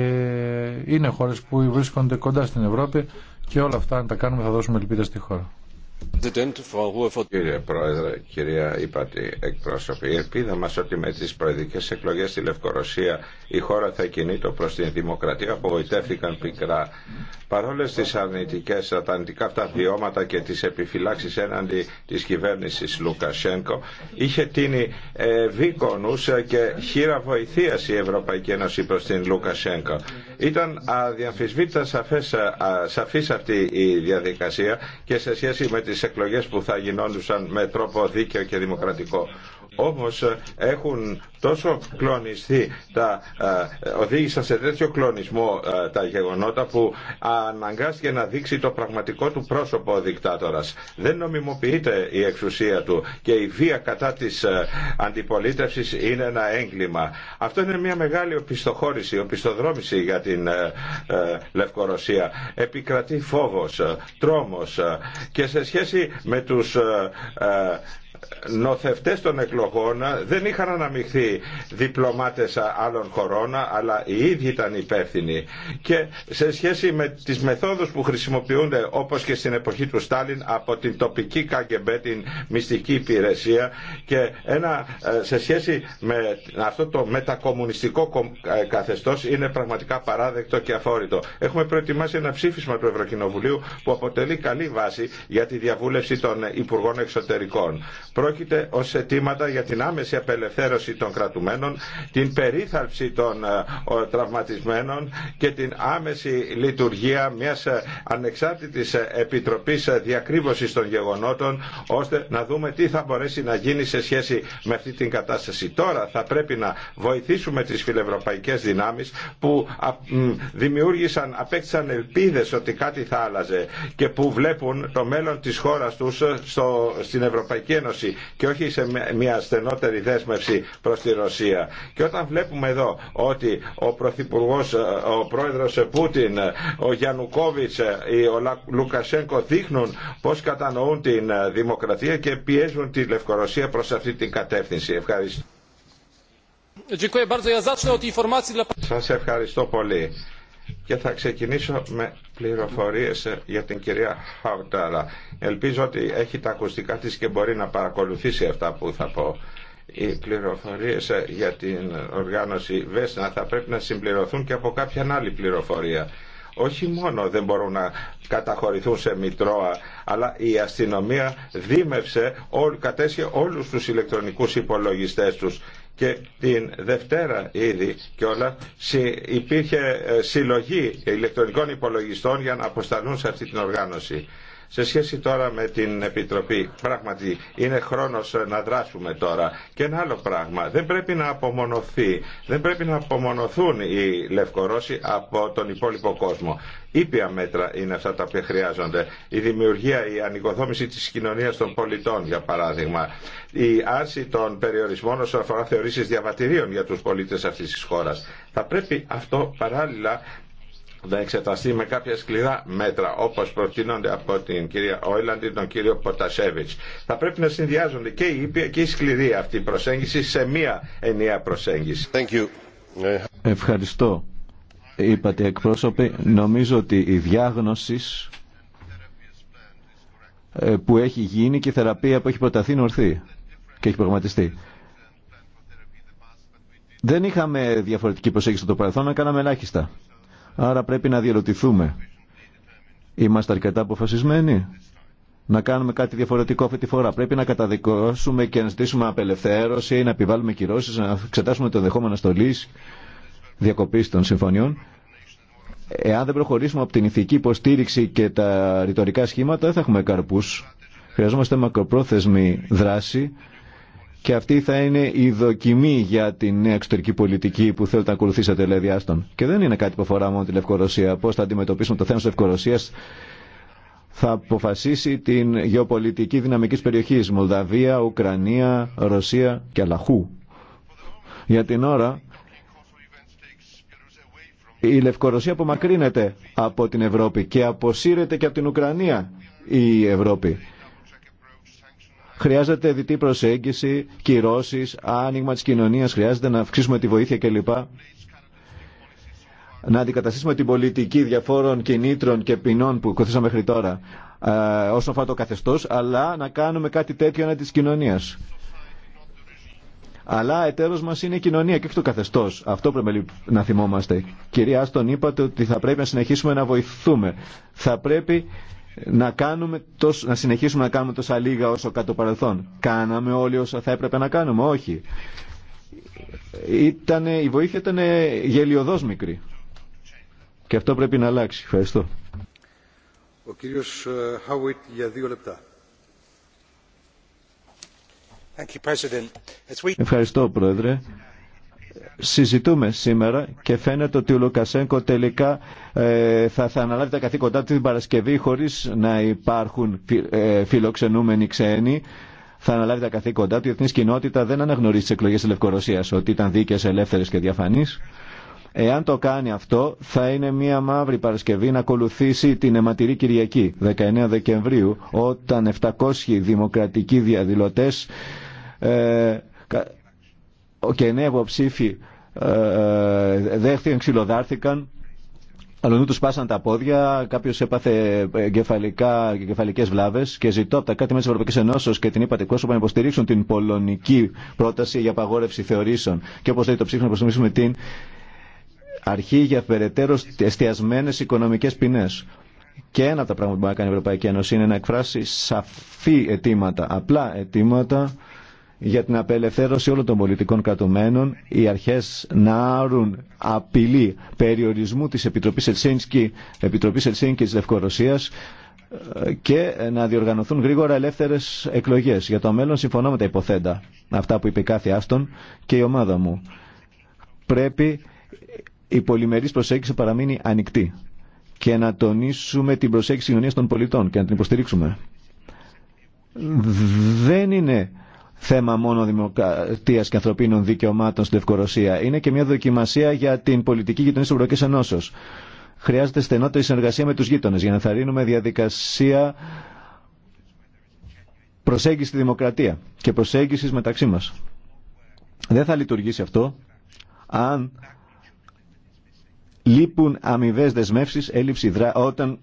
Speaker 1: είναι χώρες που βρίσκονται κοντά στην Ευρώπη και όλα αυτά αν τα κάνουμε θα δώσουμε ελπίδα στη χώρα.
Speaker 4: Κύριε Πρόεδρε, κυρία Υπάτη εκπρόσωπη, η ελπίδα μας ότι με τις προεδρικές εκλογές στη Λευκορωσία η χώρα θα το προς την δημοκρατία απογοητεύτηκαν πικρά. Παρόλες τις αρνητικές, τα αρνητικά αυτά βιώματα και τις επιφυλάξεις έναντι της κυβέρνησης Λουκασένκο, είχε τίνει ε, βίκονους ε, και χείρα βοηθείας η Ευρωπαϊκή Ένωση προς την Λουκασέγκο. Ήταν αδιαμφισβήτητα σαφής, αυτή η διαδικασία και σε σχέση με τις τις εκλογές που θα γινόντουσαν με τρόπο δίκαιο και δημοκρατικό. Όμως ε, έχουν τόσο κλονιστεί, τα, ε, ε, οδήγησαν σε τέτοιο κλονισμό τα γεγονότα που αναγκάστηκε να δείξει το πραγματικό του πρόσωπο ο δικτάτορας. Δεν νομιμοποιείται η εξουσία του και η βία κατά της αντιπολίτευσης είναι ένα έγκλημα. Αυτό είναι μια μεγάλη οπισθοχώρηση, οπισθοδρόμηση για την Λευκορωσία. Επικρατεί φόβος, τρόμος και σε σχέση με τους νοθευτές των εκλογών δεν είχαν αναμειχθεί διπλωμάτες άλλων χωρών αλλά οι ίδιοι ήταν υπεύθυνοι και σε σχέση με τις μεθόδους που χρησιμοποιούνται όπως και στην εποχή του Στάλιν από την τοπική ΚΑΚΕΜΠΕ την μυστική υπηρεσία και ένα, ε, σε σχέση με αυτό το μετακομμουνιστικό ε, καθεστώς είναι πραγματικά παράδεκτο και αφόρητο. Έχουμε προετοιμάσει ένα ψήφισμα του Ευρωκοινοβουλίου που αποτελεί καλή βάση για τη διαβούλευση των Υπουργών Εξωτερικών. Πρόκειται ω αιτήματα για την άμεση απελευθέρωση των κρατουμένων, την περίθαλψη των ε, τραυματισμένων και την άμεση λειτουργία μιας ε, ανεξάρτητης ε, επιτροπής διακρύβωσης των γεγονότων ώστε να δούμε τι θα μπορέσει να γίνει σε σχέση με αυτή την κατάσταση. Τώρα θα πρέπει να βοηθήσουμε τις φιλευρωπαϊκές δυνάμεις που δημιούργησαν, απέκτησαν ελπίδες ότι κάτι θα άλλαζε και που βλέπουν το μέλλον της χώρα τους στην Ευρωπαϊκή Ένωση και όχι σε μια στενότερη δέσμευση προς τη Ρωσία. Και όταν βλέπουμε εδώ ότι ο Πρωθυπουργός, ε, ο Πρόεδρος Πούτιν, ε, ο ή ε, ο Λουκασένκο δείχνουν πώς κατανοούν την δημοκρατία και πιέζουν τη Λευκορωσία προς αυτή την κατεύθυνση. Ευχαριστώ. Σας ευχαριστώ πολύ και θα ξεκινήσω με πληροφορίες ε, για την κυρία Χαουτάλα. Ελπίζω ότι έχει τα ακουστικά της και μπορεί να παρακολουθήσει αυτά που θα πω. Οι πληροφορίες ε, για την οργάνωση Βέσνα θα πρέπει να συμπληρωθούν και από κάποια άλλη πληροφορία. Όχι μόνο δεν μπορούν να καταχωρηθούν σε Μητρώα, αλλά η αστυνομία δίμευσε, κατέσχε όλους τους ηλεκτρονικούς υπολογιστές τους και την Δευτέρα ήδη και όλα υπήρχε ε, συλλογή ηλεκτρονικών υπολογιστών για να αποσταλούν σε αυτή την οργάνωση. Σε σχέση τώρα με την Επιτροπή, πράγματι είναι χρόνος ε, να δράσουμε τώρα. Και ένα άλλο πράγμα, δεν πρέπει να απομονωθεί, δεν πρέπει να απομονωθούν οι Λευκορώσοι από τον υπόλοιπο κόσμο. Ήπια μέτρα είναι αυτά τα οποία χρειάζονται. Η δημιουργία, η ανοικοδόμηση της κοινωνίας των πολιτών, για παράδειγμα. Η άρση των περιορισμών όσον αφορά θεωρήσεις διαβατηρίων για τους πολίτες αυτής της χώρας. Θα πρέπει αυτό παράλληλα να εξεταστεί με κάποια σκληρά μέτρα όπως προτείνονται από την κυρία Όιλαντ ή τον κύριο Ποτασέβιτς. Θα πρέπει να συνδυάζονται και η ήπια και η σκληρή αυτή προσέγγιση σε μία ενιαία προσέγγιση. Thank you.
Speaker 5: Ευχαριστώ. Είπατε εκπρόσωποι, νομίζω ότι η διάγνωση ε, που έχει γίνει και η θεραπεία που έχει προταθεί είναι ορθή και έχει προγραμματιστεί. Δεν είχαμε διαφορετική προσέγγιση στο παρελθόν, αλλά κάναμε ελάχιστα. Άρα πρέπει να διαρωτηθούμε. Είμαστε αρκετά αποφασισμένοι να κάνουμε κάτι διαφορετικό αυτή τη φορά. Πρέπει να καταδικώσουμε και να ζητήσουμε απελευθέρωση, να επιβάλλουμε κυρώσεις, να εξετάσουμε το δεχόμενο στολής διακοπής των συμφωνιών. Εάν δεν προχωρήσουμε από την ηθική υποστήριξη και τα ρητορικά σχήματα, δεν θα έχουμε καρπούς. Χρειαζόμαστε μακροπρόθεσμη δράση και αυτή θα είναι η δοκιμή για την νέα εξωτερική πολιτική που θέλετε να ακολουθήσετε, λέει διάστον. Και δεν είναι κάτι που αφορά μόνο τη Λευκορωσία. Πώ θα αντιμετωπίσουμε το θέμα τη Λευκορωσία θα αποφασίσει την γεωπολιτική δυναμική περιοχή. Μολδαβία, Ουκρανία, Ρωσία και Αλαχού. Για την ώρα η Λευκορωσία απομακρύνεται από την Ευρώπη και αποσύρεται και από την Ουκρανία η Ευρώπη. Χρειάζεται διτή προσέγγιση, κυρώσεις, άνοιγμα της κοινωνίας. Χρειάζεται να αυξήσουμε τη βοήθεια κλπ. Να αντικαταστήσουμε την πολιτική διαφόρων κινήτρων και ποινών που κοθήσαμε μέχρι τώρα ε, όσον αφορά το καθεστώ, αλλά να κάνουμε κάτι τέτοιο ανά της κοινωνίας. Αλλά εταίρος μας είναι η κοινωνία και όχι το καθεστώς. Αυτό πρέπει να θυμόμαστε. Κυρία Άστον, είπατε ότι θα πρέπει να συνεχίσουμε να βοηθούμε. Θα πρέπει να, κάνουμε τόσο να συνεχίσουμε να κάνουμε τόσα λίγα όσο κατά το παρελθόν. Κάναμε όλοι όσα θα έπρεπε να κάνουμε, όχι. Ήτανε... Η βοήθεια ήταν γελιοδός μικρή. Και αυτό πρέπει να αλλάξει. Ευχαριστώ.
Speaker 6: Ο κύριος Χάουιτ ε, για δύο λεπτά.
Speaker 5: Ευχαριστώ, Πρόεδρε συζητούμε σήμερα και φαίνεται ότι ο Λουκασέγκο τελικά ε, θα, θα αναλάβει τα καθήκοντά του την Παρασκευή χωρίς να υπάρχουν ε, φιλοξενούμενοι ξένοι. Θα αναλάβει τα καθήκοντά του. Η εθνή κοινότητα δεν αναγνωρίζει τι εκλογέ τη Λευκορωσία ότι ήταν δίκαιε, ελεύθερε και διαφανεί. Εάν το κάνει αυτό, θα είναι μια μαύρη Παρασκευή να ακολουθήσει την αιματηρή Κυριακή, 19 Δεκεμβρίου, όταν 700 δημοκρατικοί διαδηλωτέ ε, και νέοι υποψήφοι ε, ε, δέχτηκαν, ξυλοδάρθηκαν, αλλονού του πάσαν τα πόδια, Κάποιο έπαθε κεφαλικά, βλάβε βλάβες και ζητώ από τα κάτι μέσα τη Ευρωπαϊκή Ενώσεω και την είπατε εκπρόσωπο να υποστηρίξουν την πολωνική πρόταση για απαγόρευση θεωρήσεων και όπω λέει το ψήφισμα να προστομίσουμε την αρχή για περαιτέρω εστιασμένε οικονομικέ ποινέ. Και ένα από τα πράγματα που μπορεί να κάνει η Ευρωπαϊκή Ένωση είναι να εκφράσει σαφή αιτήματα, απλά αιτήματα για την απελευθέρωση όλων των πολιτικών κρατουμένων, οι αρχές να άρουν απειλή περιορισμού της Επιτροπής Ελσίνσκη, Επιτροπής Ελσίνκη της ε, και να διοργανωθούν γρήγορα ελεύθερες εκλογές. Για το μέλλον συμφωνώ με τα υποθέντα, αυτά που είπε κάθε Άστον και η ομάδα μου. Πρέπει η πολυμερής προσέγγιση παραμείνει ανοιχτή και να τονίσουμε την προσέγγιση κοινωνία των πολιτών και να την υποστηρίξουμε. Δεν είναι θέμα μόνο δημοκρατίας και ανθρωπίνων δικαιωμάτων στην Λευκορωσία. Είναι και μια δοκιμασία για την πολιτική γειτονία τη Ευρωπαϊκής Ενώσεως. Χρειάζεται στενότερη συνεργασία με τους γείτονε για να θαρρύνουμε διαδικασία προσέγγιση στη δημοκρατία και προσέγγισης μεταξύ μας. Δεν θα λειτουργήσει αυτό αν λείπουν αμοιβέ δεσμεύσει, έλλειψη δρά... όταν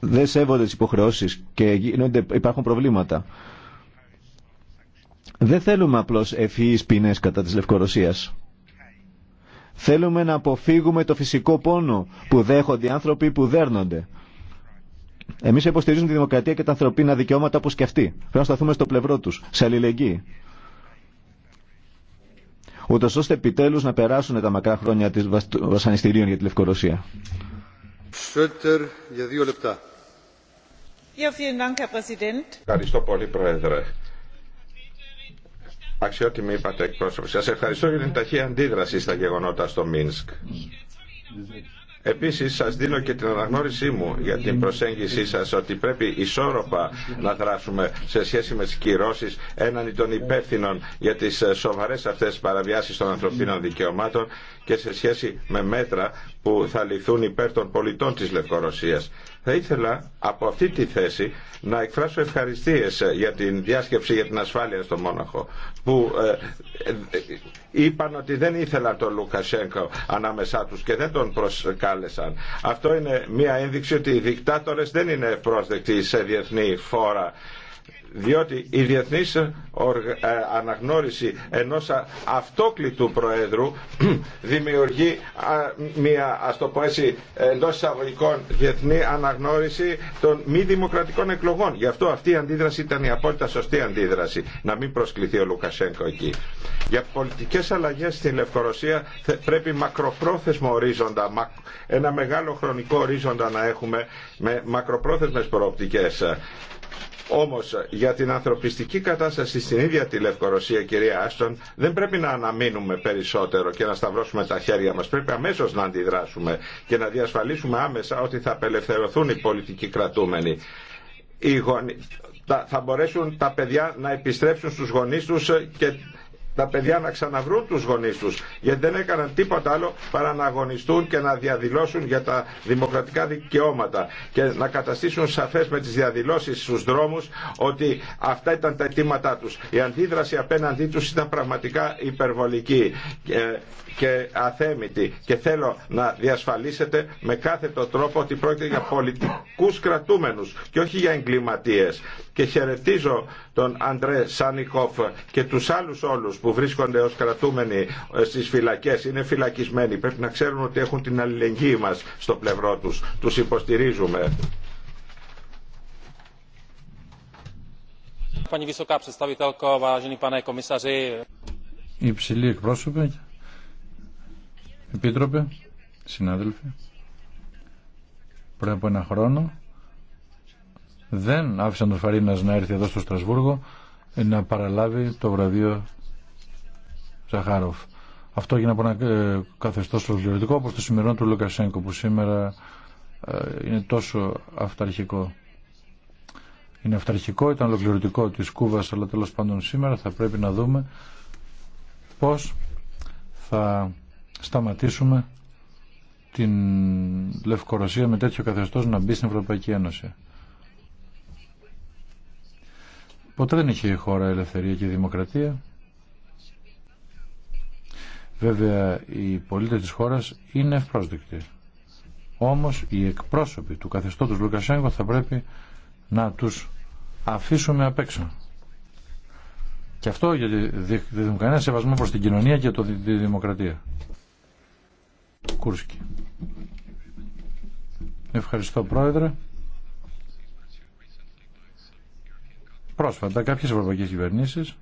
Speaker 5: δεν σέβονται τι υποχρεώσει και γίνονται... υπάρχουν προβλήματα. Δεν θέλουμε απλώς ευφυείς ποινές κατά της Λευκορωσίας. Θέλουμε να αποφύγουμε το φυσικό πόνο που δέχονται οι άνθρωποι που δέρνονται. Εμείς υποστηρίζουμε τη δημοκρατία και τα ανθρωπίνα δικαιώματα όπως και αυτοί. Πρέπει να σταθούμε στο πλευρό τους, σε αλληλεγγύη. Ούτω ώστε επιτέλου να περάσουν τα μακρά χρόνια τη βασανιστήριων για τη Λευκορωσία.
Speaker 6: για λεπτά.
Speaker 4: Αξιότιμη είπατε εκπρόσωπο. Σας ευχαριστώ για την ταχεία αντίδραση στα γεγονότα στο Μίνσκ. Επίσης σας δίνω και την αναγνώρισή μου για την προσέγγιση σας ότι πρέπει ισόρροπα να δράσουμε σε σχέση με τις κυρώσεις έναντι των υπεύθυνων για τις ε, σοβαρές αυτές παραβιάσεις των ανθρωπίνων δικαιωμάτων και σε σχέση με μέτρα που θα ληφθούν υπέρ των πολιτών της Λευκορωσίας. Θα ήθελα από αυτή τη θέση να εκφράσω ευχαριστίες ε, για την διάσκεψη για την ασφάλεια στο Μόναχο που ε, είπαν ότι δεν ήθελαν τον Λουκασέγκο ανάμεσά τους και δεν τον προσκάλεσαν. Αυτό είναι μια ένδειξη ότι οι δικτάτορες δεν είναι πρόσδεκτοι σε διεθνή φόρα διότι η διεθνής ε, ε, αναγνώριση ενός αυτόκλητου Προέδρου δημιουργεί μια, ας το πω έτσι, εντός εισαγωγικών διεθνή αναγνώριση των μη δημοκρατικών εκλογών. Γι' αυτό αυτή η αντίδραση ήταν η απόλυτα σωστή αντίδραση, να μην προσκληθεί ο Λουκασέγκο εκεί. Για πολιτικές αλλαγές στην Λευκορωσία πρέπει μακροπρόθεσμο ορίζοντα, ένα μεγάλο χρονικό ορίζοντα να έχουμε με μακροπρόθεσμες προοπτικές όμως για την ανθρωπιστική κατάσταση στην ίδια τη Λευκορωσία, κυρία Άστον, δεν πρέπει να αναμείνουμε περισσότερο και να σταυρώσουμε τα χέρια μας. Πρέπει αμέσως να αντιδράσουμε και να διασφαλίσουμε άμεσα ότι θα απελευθερωθούν οι πολιτικοί κρατούμενοι. Οι θα μπορέσουν τα παιδιά να επιστρέψουν στους γονείς τους και τα παιδιά να ξαναβρούν τους γονείς τους γιατί δεν έκαναν τίποτα άλλο παρά να αγωνιστούν και να διαδηλώσουν για τα δημοκρατικά δικαιώματα και να καταστήσουν σαφές με τις διαδηλώσεις στους δρόμους ότι αυτά ήταν τα αιτήματά τους. Η αντίδραση απέναντί τους ήταν πραγματικά υπερβολική και αθέμητη και θέλω να διασφαλίσετε με κάθε κάθετο τρόπο ότι πρόκειται για πολιτικούς κρατούμενους και όχι για εγκληματίες. Και χαιρετίζω τον Αντρέ Σάνικοφ και τους άλλους όλους που βρίσκονται ω κρατούμενοι ε, στι φυλακέ, είναι φυλακισμένοι. Πρέπει να ξέρουν ότι έχουν την αλληλεγγύη μα στο πλευρό του. Του υποστηρίζουμε.
Speaker 1: Υψηλή εκπρόσωπε, επίτροπε, συνάδελφοι, πριν από ένα χρόνο δεν άφησαν τον Φαρίνας να έρθει εδώ στο Στρασβούργο να παραλάβει το βραβείο Ζαχάροφ. Αυτό έγινε από ένα ε, καθεστώ προσβλητικό όπω το σημερινό του Λουκασέγκο που σήμερα ε, είναι τόσο αυταρχικό. Είναι αυταρχικό, ήταν ολοκληρωτικό τη Κούβα, αλλά τέλο πάντων σήμερα θα πρέπει να δούμε πώ θα σταματήσουμε την Λευκορωσία με τέτοιο καθεστώ να μπει στην Ευρωπαϊκή Ένωση. Ποτέ δεν είχε η χώρα ελευθερία και δημοκρατία. Βέβαια οι πολίτες της χώρας είναι ευπρόσδεκτοι. Όμως οι εκπρόσωποι του καθεστώτος Λουκασέγκο θα πρέπει να τους αφήσουμε απ' έξω. Και αυτό γιατί δεν δίνουν κανένα σεβασμό προς την κοινωνία και το, τη δημοκρατία. Κούρσκι. Ευχαριστώ Πρόεδρε. Πρόσφατα κάποιες ευρωπαϊκές κυβερνήσεις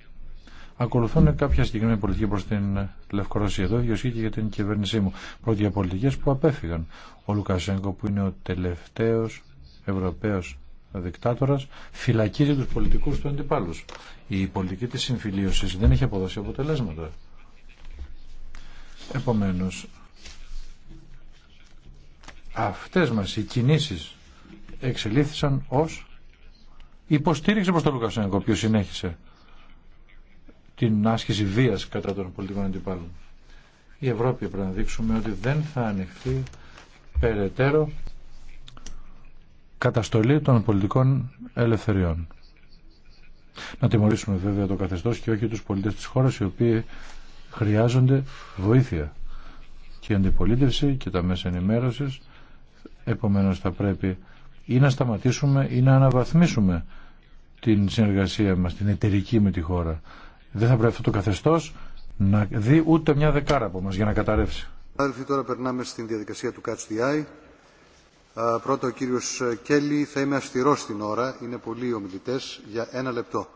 Speaker 1: ακολουθούν κάποια συγκεκριμένη πολιτική προ την Λευκορωσία. Το ίδιο ισχύει και για την κυβέρνησή μου. Πρώτοι για πολιτικέ που απέφυγαν. Ο Λουκασέγκο, που είναι ο τελευταίο Ευρωπαίο δικτάτορα, φυλακίζει του πολιτικού του αντιπάλου. Η πολιτική τη συμφιλίωση δεν έχει αποδώσει αποτελέσματα. Επομένω, αυτέ μα οι κινήσει εξελίχθησαν ω υποστήριξη προ τον Λουκασέγκο, ο οποίο συνέχισε την άσκηση βία κατά των πολιτικών αντιπάλων. Η Ευρώπη πρέπει να δείξουμε ότι δεν θα ανοιχθεί περαιτέρω καταστολή των πολιτικών ελευθεριών. Να τιμωρήσουμε βέβαια το καθεστώς και όχι τους πολίτες της χώρας οι οποίοι χρειάζονται βοήθεια και η αντιπολίτευση και τα μέσα ενημέρωσης επομένως θα πρέπει ή να σταματήσουμε ή να αναβαθμίσουμε την συνεργασία μας, την εταιρική με τη χώρα δεν θα πρέπει αυτό το καθεστώς να δει ούτε μια δεκάρα από μα για να καταρρεύσει.
Speaker 6: Αδελφοί, τώρα περνάμε στην διαδικασία του Catch the Eye. Πρώτα ο κύριο Κέλλη, θα είμαι αυστηρό στην ώρα, είναι πολλοί ομιλητέ, για ένα λεπτό.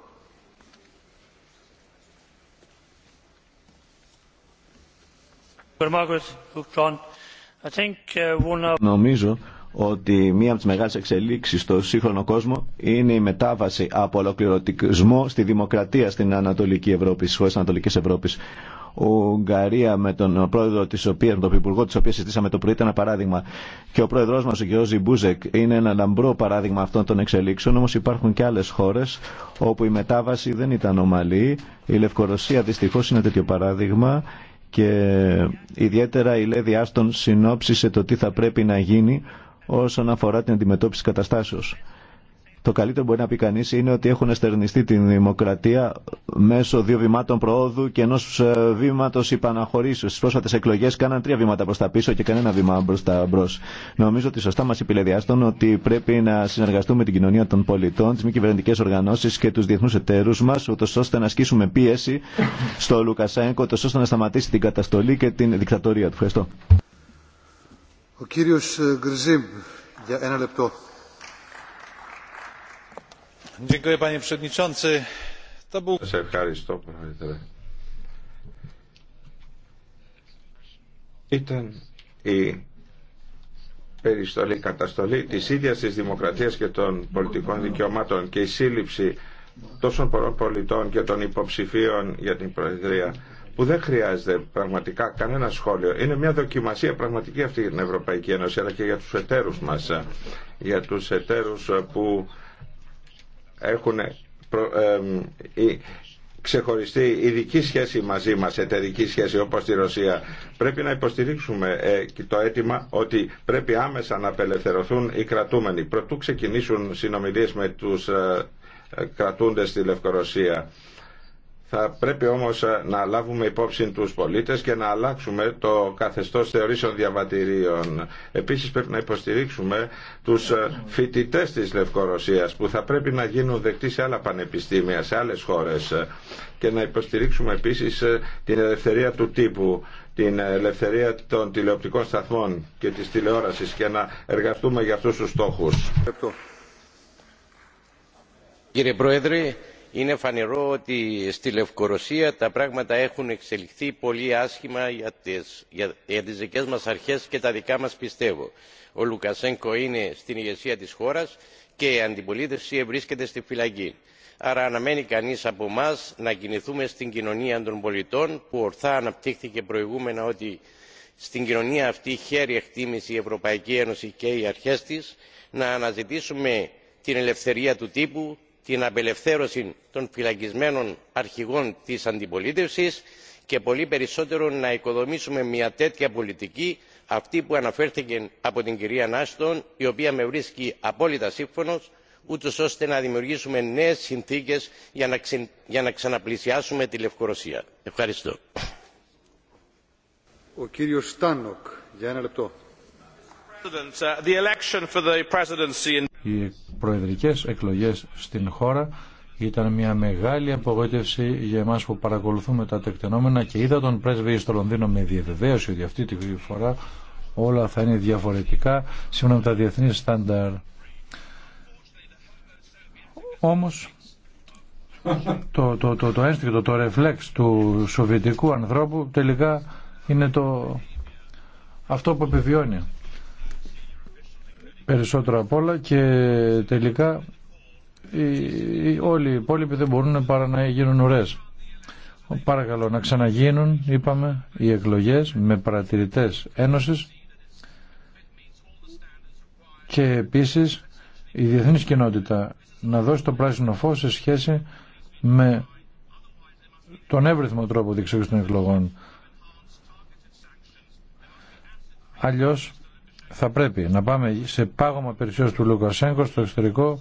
Speaker 6: Ε,
Speaker 5: Νομίζω ότι μία από τις μεγάλες εξελίξεις στο σύγχρονο κόσμο είναι η μετάβαση από ολοκληρωτισμό στη δημοκρατία στην Ανατολική Ευρώπη, στις χώρες Ανατολικής Ευρώπης. Ουγγαρία με τον πρόεδρο της οποίας, με τον υπουργό της οποίας συζητήσαμε το πρωί ήταν ένα παράδειγμα και ο πρόεδρός μας ο κ. Ζιμπούζεκ είναι ένα λαμπρό παράδειγμα αυτών των εξελίξεων όμως υπάρχουν και άλλες χώρες όπου η μετάβαση δεν ήταν ομαλή η Λευκορωσία δυστυχώς είναι τέτοιο παράδειγμα και ιδιαίτερα η Λέδη Άστον συνόψισε το τι θα πρέπει να γίνει όσον αφορά την αντιμετώπιση καταστάσεως. Το καλύτερο που μπορεί να πει κανεί είναι ότι έχουν αστερνιστεί την δημοκρατία μέσω δύο βημάτων προόδου και ενό ε, βήματο υπαναχωρήσεω. Στι πρόσφατε εκλογέ κάναν τρία βήματα προ τα πίσω και κανένα βήμα προ τα μπρο. Νομίζω ότι σωστά μα επιλεδιάστον ότι πρέπει να συνεργαστούμε με την κοινωνία των πολιτών, τι μη κυβερνητικέ οργανώσει και του διεθνού εταίρου μα, ούτω ώστε να ασκήσουμε πίεση στο Λουκασέγκο, ώστε να σταματήσει την καταστολή και την δικτατορία του. Ευχαριστώ. Ο
Speaker 6: κύριος ε, Γκριζίμ, για ένα λεπτό. Σε
Speaker 4: ευχαριστώ, Πρόεδρε. Ήταν η περιστολή, καταστολή της ίδιας της δημοκρατίας και των πολιτικών δικαιωμάτων και η σύλληψη τόσων πολλών πολιτών και των υποψηφίων για την Προεδρία που δεν χρειάζεται πραγματικά κανένα σχόλιο. Είναι μια δοκιμασία πραγματική αυτή για την Ευρωπαϊκή Ένωση αλλά και για τους εταίρους μας, για τους εταίρους που έχουν προ, ξεχωριστή ειδική σχέση μαζί μας, εταιρική σχέση όπως τη Ρωσία. Πρέπει να υποστηρίξουμε ε, το αίτημα ότι πρέπει άμεσα να απελευθερωθούν οι κρατούμενοι. Προτού ξεκινήσουν συνομιλίες με τους ε, ε κρατούντες στη Λευκορωσία. Θα πρέπει όμως ε, να λάβουμε υπόψη τους πολίτες και να αλλάξουμε το καθεστώς θεωρήσεων διαβατηρίων. Επίσης πρέπει να υποστηρίξουμε τους ε, φοιτητέ της Λευκορωσίας που θα πρέπει να γίνουν δεκτοί σε άλλα πανεπιστήμια, σε άλλες χώρες ε, και να υποστηρίξουμε επίσης την ελευθερία του τύπου την ελευθερία των τηλεοπτικών σταθμών και της τηλεόρασης και να εργαστούμε για αυτούς τους στόχους. Κύριε Πρόεδρε, είναι φανερό ότι
Speaker 1: στη λευκορωσία τα πράγματα έχουν εξελιχθεί πολύ άσχημα για τις, δικές μας αρχές και τα δικά μας πιστεύω. Ο Λουκασέγκο είναι στην ηγεσία της χώρας και η αντιπολίτευση βρίσκεται στη φυλακή. Άρα αναμένει κανείς από εμά να κινηθούμε στην κοινωνία των πολιτών που ορθά αναπτύχθηκε προηγούμενα ότι στην κοινωνία αυτή χαίρει εκτίμηση η Ευρωπαϊκή Ένωση και οι αρχές της να αναζητήσουμε την ελευθερία του τύπου την απελευθέρωση των φυλακισμένων αρχηγών της αντιπολίτευσης και πολύ περισσότερο να οικοδομήσουμε μια τέτοια πολιτική αυτή που αναφέρθηκε από την κυρία ashton η οποία με βρίσκει απόλυτα σύμφωνο, ούτως ώστε να δημιουργήσουμε νέες συνθήκες για να, ξαναπλησιάσουμε τη λευκορωσία. ευχαριστώ.
Speaker 6: Ο κύριος οι
Speaker 1: προεδρικές εκλογές στην χώρα ήταν μια μεγάλη απογοήτευση για εμάς που παρακολουθούμε τα τεκτενόμενα και είδα τον πρέσβη στο Λονδίνο με διαβεβαίωση ότι αυτή τη φορά όλα θα είναι διαφορετικά σύμφωνα με τα διεθνή στάνταρ. Όμως το, το, το, το ένστικτο, το ρεφλέξ του σοβιετικού ανθρώπου τελικά είναι το αυτό που επιβιώνει περισσότερο απ' όλα και τελικά όλοι οι υπόλοιποι δεν μπορούν παρά να γίνουν ουρές. Παρακαλώ να ξαναγίνουν, είπαμε, οι εκλογές με παρατηρητές ένωσης και επίσης η διεθνής κοινότητα να δώσει το πράσινο φως σε σχέση με τον εύρυθμο τρόπο διεξήγησης των εκλογών. Αλλιώς θα πρέπει να πάμε σε πάγωμα περισσότερο του Λουκασέγκο στο εξωτερικό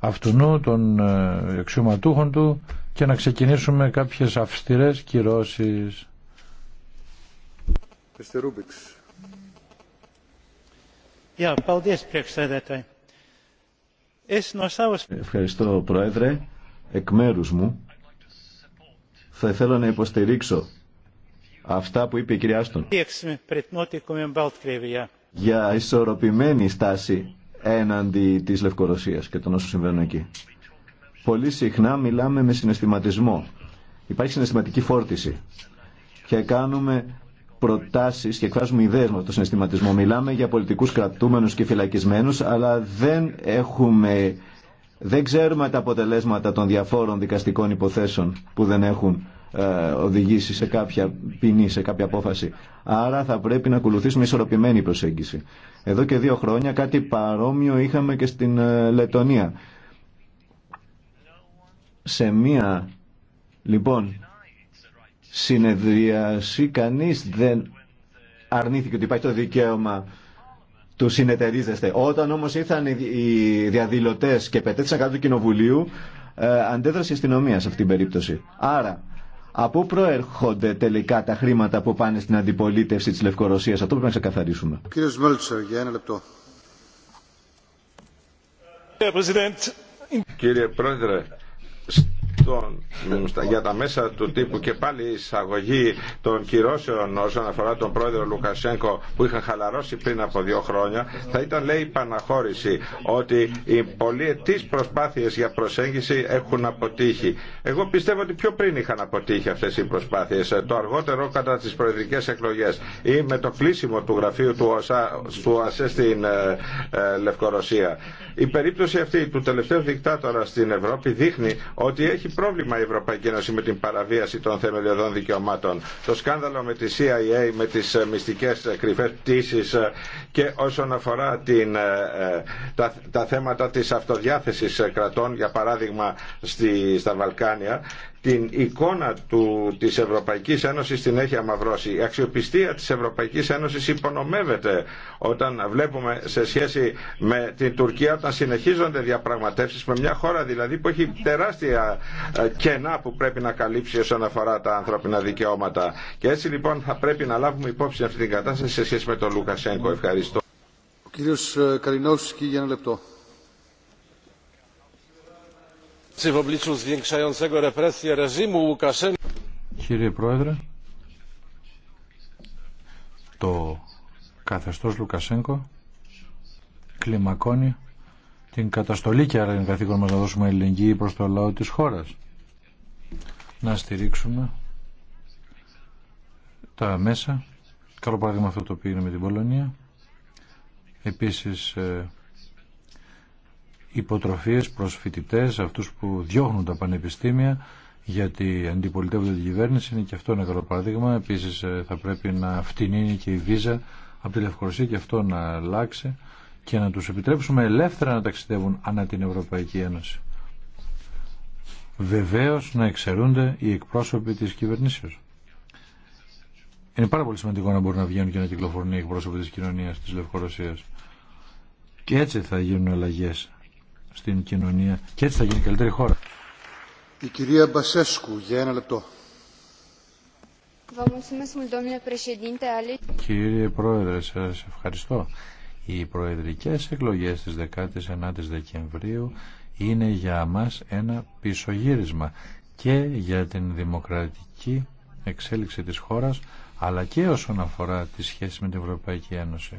Speaker 1: αυτού των ε, εξωματούχων του και να ξεκινήσουμε κάποιες αυστηρές κυρώσεις.
Speaker 5: Ευχαριστώ Πρόεδρε. Εκ μέρους μου θα ήθελα να υποστηρίξω αυτά που είπε η κυρία Άστον για ισορροπημένη στάση έναντι της Λευκορωσίας και των όσων συμβαίνουν εκεί. Πολύ συχνά μιλάμε με συναισθηματισμό. Υπάρχει συναισθηματική φόρτιση και κάνουμε προτάσεις και εκφράζουμε ιδέες με το συναισθηματισμό. Μιλάμε για πολιτικούς κρατούμενους και φυλακισμένους, αλλά δεν έχουμε... Δεν ξέρουμε τα αποτελέσματα των διαφόρων δικαστικών υποθέσεων που δεν έχουν ε, οδηγήσει σε κάποια ποινή, σε κάποια απόφαση. Άρα θα πρέπει να ακολουθήσουμε ισορροπημένη προσέγγιση. Εδώ και δύο χρόνια κάτι παρόμοιο είχαμε και στην ε, Λετωνία. Σε μία, λοιπόν, συνεδρίαση κανείς δεν αρνήθηκε ότι υπάρχει το δικαίωμα του συνεταιρίζεστε. Όταν όμως ήρθαν οι διαδηλωτές και πετέθησαν κάτω του Κοινοβουλίου, ε, αντέδρασε η αστυνομία σε αυτήν την περίπτωση. Άρα, από πού προέρχονται τελικά τα χρήματα που πάνε στην αντιπολίτευση της Λευκορωσίας. Αυτό πρέπει να ξεκαθαρίσουμε.
Speaker 6: Κύριε για ένα λεπτό.
Speaker 4: Πρόεδρε, Λοιπόν, για τα μέσα του τύπου και πάλι η εισαγωγή των κυρώσεων όσον αφορά τον πρόεδρο Λουκασέγκο που είχαν χαλαρώσει πριν από δύο χρόνια θα ήταν λέει η παναχώρηση ότι οι τις προσπάθειες για προσέγγιση έχουν αποτύχει. Εγώ πιστεύω ότι πιο πριν είχαν αποτύχει αυτές οι προσπάθειες ε, το αργότερο κατά τις προεδρικές εκλογές ή με το κλείσιμο του γραφείου του ΟΣΑ, του ΑΣΕ στην ε, ε, Λευκορωσία. Η περίπτωση αυτή του τελευταίου δικτάτορα στην Ευρώπη δείχνει ότι έχει πρόβλημα η Ευρωπαϊκή Ένωση με την παραβίαση των θεμελιωδών δικαιωμάτων. Το σκάνδαλο με τη CIA, με τις ε, μυστικές ε, κρυφές πτήσεις ε, και όσον αφορά την, τα, θέματα της αυτοδιάθεσης κρατών, για παράδειγμα στη, στα Βαλκάνια την εικόνα του, της Ευρωπαϊκής Ένωσης την έχει αμαυρώσει. Η αξιοπιστία της Ευρωπαϊκής Ένωσης υπονομεύεται όταν βλέπουμε σε σχέση με την Τουρκία όταν συνεχίζονται διαπραγματεύσεις με μια χώρα δηλαδή που έχει τεράστια ε, κενά που πρέπει να καλύψει όσον αφορά τα ανθρώπινα δικαιώματα. Και έτσι λοιπόν θα πρέπει να λάβουμε υπόψη αυτή την κατάσταση σε σχέση με τον Λουκασέγκο. Ευχαριστώ. Ο κύριος ε, Καρινόφσκι για ένα λεπτό.
Speaker 1: Κύριε Πρόεδρε, το καθεστώς Λουκασέγκο κλιμακώνει την καταστολή και άρα είναι καθήκον μας να δώσουμε ελληνική προς το λαό της χώρας. Να στηρίξουμε τα μέσα. Καλό παράδειγμα αυτό το οποίο είναι με την Πολωνία. Επίσης ε, υποτροφίες προς φοιτητές, αυτούς που διώχνουν τα πανεπιστήμια γιατί αντιπολιτεύονται την κυβέρνηση είναι και αυτό ένα καλό παράδειγμα. Επίσης ε, θα πρέπει να φτηνίνει και η βίζα από τη Λευκορωσία και αυτό να αλλάξει και να τους επιτρέψουμε ελεύθερα να ταξιδεύουν ανά την Ευρωπαϊκή Ένωση. Βεβαίως να εξαιρούνται οι εκπρόσωποι της κυβερνήσεως. Είναι πάρα πολύ σημαντικό να μπορούν να βγαίνουν και να κυκλοφορούν οι εκπρόσωποι της κοινωνίας της Λευκορωσίας. Και έτσι θα γίνουν αλλαγέ στην κοινωνία και έτσι θα γίνει καλύτερη χώρα.
Speaker 6: Η κυρία Μπασέσκου για ένα λεπτό.
Speaker 1: Κύριε Πρόεδρε, σα ευχαριστώ. Οι προεδρικές εκλογές της 19ης Δεκεμβρίου είναι για μας ένα πισωγύρισμα και για την δημοκρατική εξέλιξη της χώρας αλλά και όσον αφορά τη σχέση με την Ευρωπαϊκή Ένωση.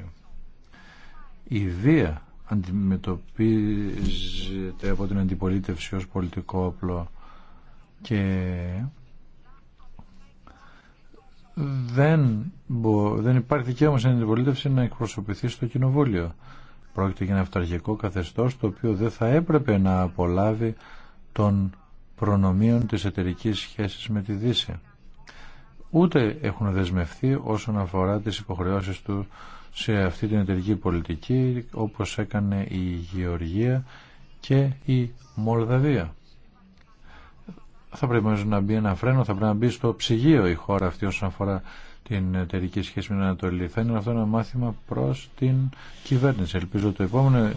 Speaker 1: Η βία αντιμετωπίζεται από την αντιπολίτευση ως πολιτικό όπλο και δεν, δεν υπάρχει δικαίωμα στην αντιπολίτευση να εκπροσωπηθεί στο κοινοβούλιο. Πρόκειται για ένα αυταρχικό καθεστώς το οποίο δεν θα έπρεπε να απολάβει των προνομίων της εταιρική σχέσης με τη Δύση. Ούτε έχουν δεσμευτεί όσον αφορά τις υποχρεώσεις του σε αυτή την εταιρική πολιτική όπως έκανε η Γεωργία και η Μολδαβία. Θα πρέπει να μπει ένα φρένο, θα πρέπει να μπει στο ψυγείο η χώρα αυτή όσον αφορά την εταιρική σχέση με την Ανατολή. Θα είναι αυτό ένα μάθημα προς την κυβέρνηση. Ελπίζω το επόμενο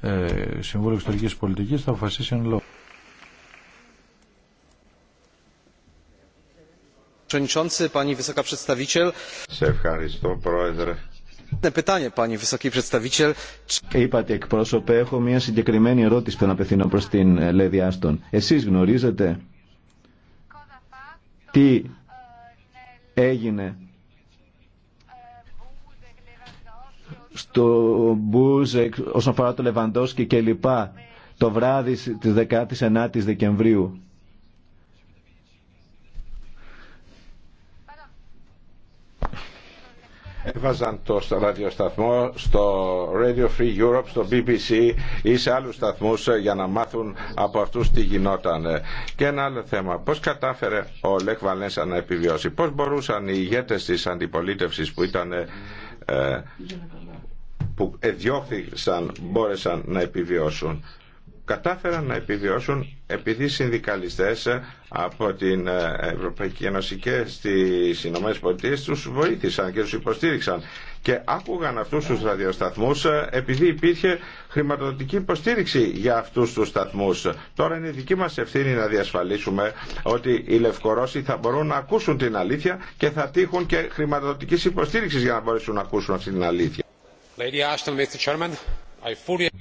Speaker 1: ε, Συμβούλιο Εξωτερικής Πολιτικής θα αποφασίσει εν λόγω.
Speaker 6: Σε ευχαριστώ πρόεδρε.
Speaker 5: Είπατε εκπρόσωπε, έχω μια συγκεκριμένη ερώτηση που να απευθύνω προ την ε, Λέδη Άστον. Εσεί γνωρίζετε τι ε, έγινε στο Μπούζεκ όσον αφορά το Λεβαντόσκι και λοιπά το βράδυ της 19ης Δεκεμβρίου
Speaker 4: έβαζαν το ραδιοσταθμό στο Radio Free Europe, στο BBC ή σε άλλους σταθμούς ε, για να μάθουν από αυτούς τι γινόταν. Και ένα άλλο θέμα, πώς κατάφερε ο Λεκ Βαλένσα να επιβιώσει, πώς μπορούσαν οι ηγέτες της αντιπολίτευσης που ήταν ε, ε, που εδιώχθησαν μπόρεσαν να επιβιώσουν κατάφεραν να επιβιώσουν επειδή οι συνδικαλιστές από την ε, Ευρωπαϊκή Ένωση και στις Ηνωμένες Πολιτείες τους βοήθησαν και τους υποστήριξαν και άκουγαν αυτούς τους ραδιοσταθμούς ε, επειδή υπήρχε χρηματοδοτική υποστήριξη για αυτούς τους σταθμούς. Τώρα είναι δική μας ευθύνη να διασφαλίσουμε ότι οι Λευκορώσοι θα μπορούν να ακούσουν την αλήθεια και θα τύχουν και χρηματοδοτικής υποστήριξης για να μπορέσουν να ακούσουν αυτή την αλήθεια.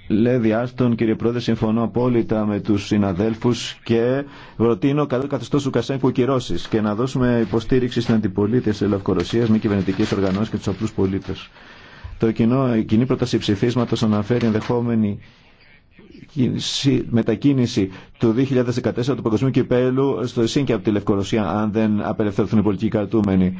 Speaker 5: Λέει Άστον, κύριε Πρόεδρε, συμφωνώ απόλυτα με του συναδέλφου και προτείνω καλό καθεστώ του κασέν που κυρώσει και να δώσουμε υποστήριξη στην αντιπολίτευση τη Λευκορωσία, μη κυβερνητικέ οργανώσει και του απλού πολίτε. Το κοινό, η κοινή πρόταση ψηφίσματο αναφέρει ενδεχόμενη μετακίνηση του 2014 του Παγκοσμίου Κυπέλου στο ΣΥΝΚΙΑ από τη Λευκορωσία, αν δεν απελευθερωθούν οι πολιτικοί κρατούμενοι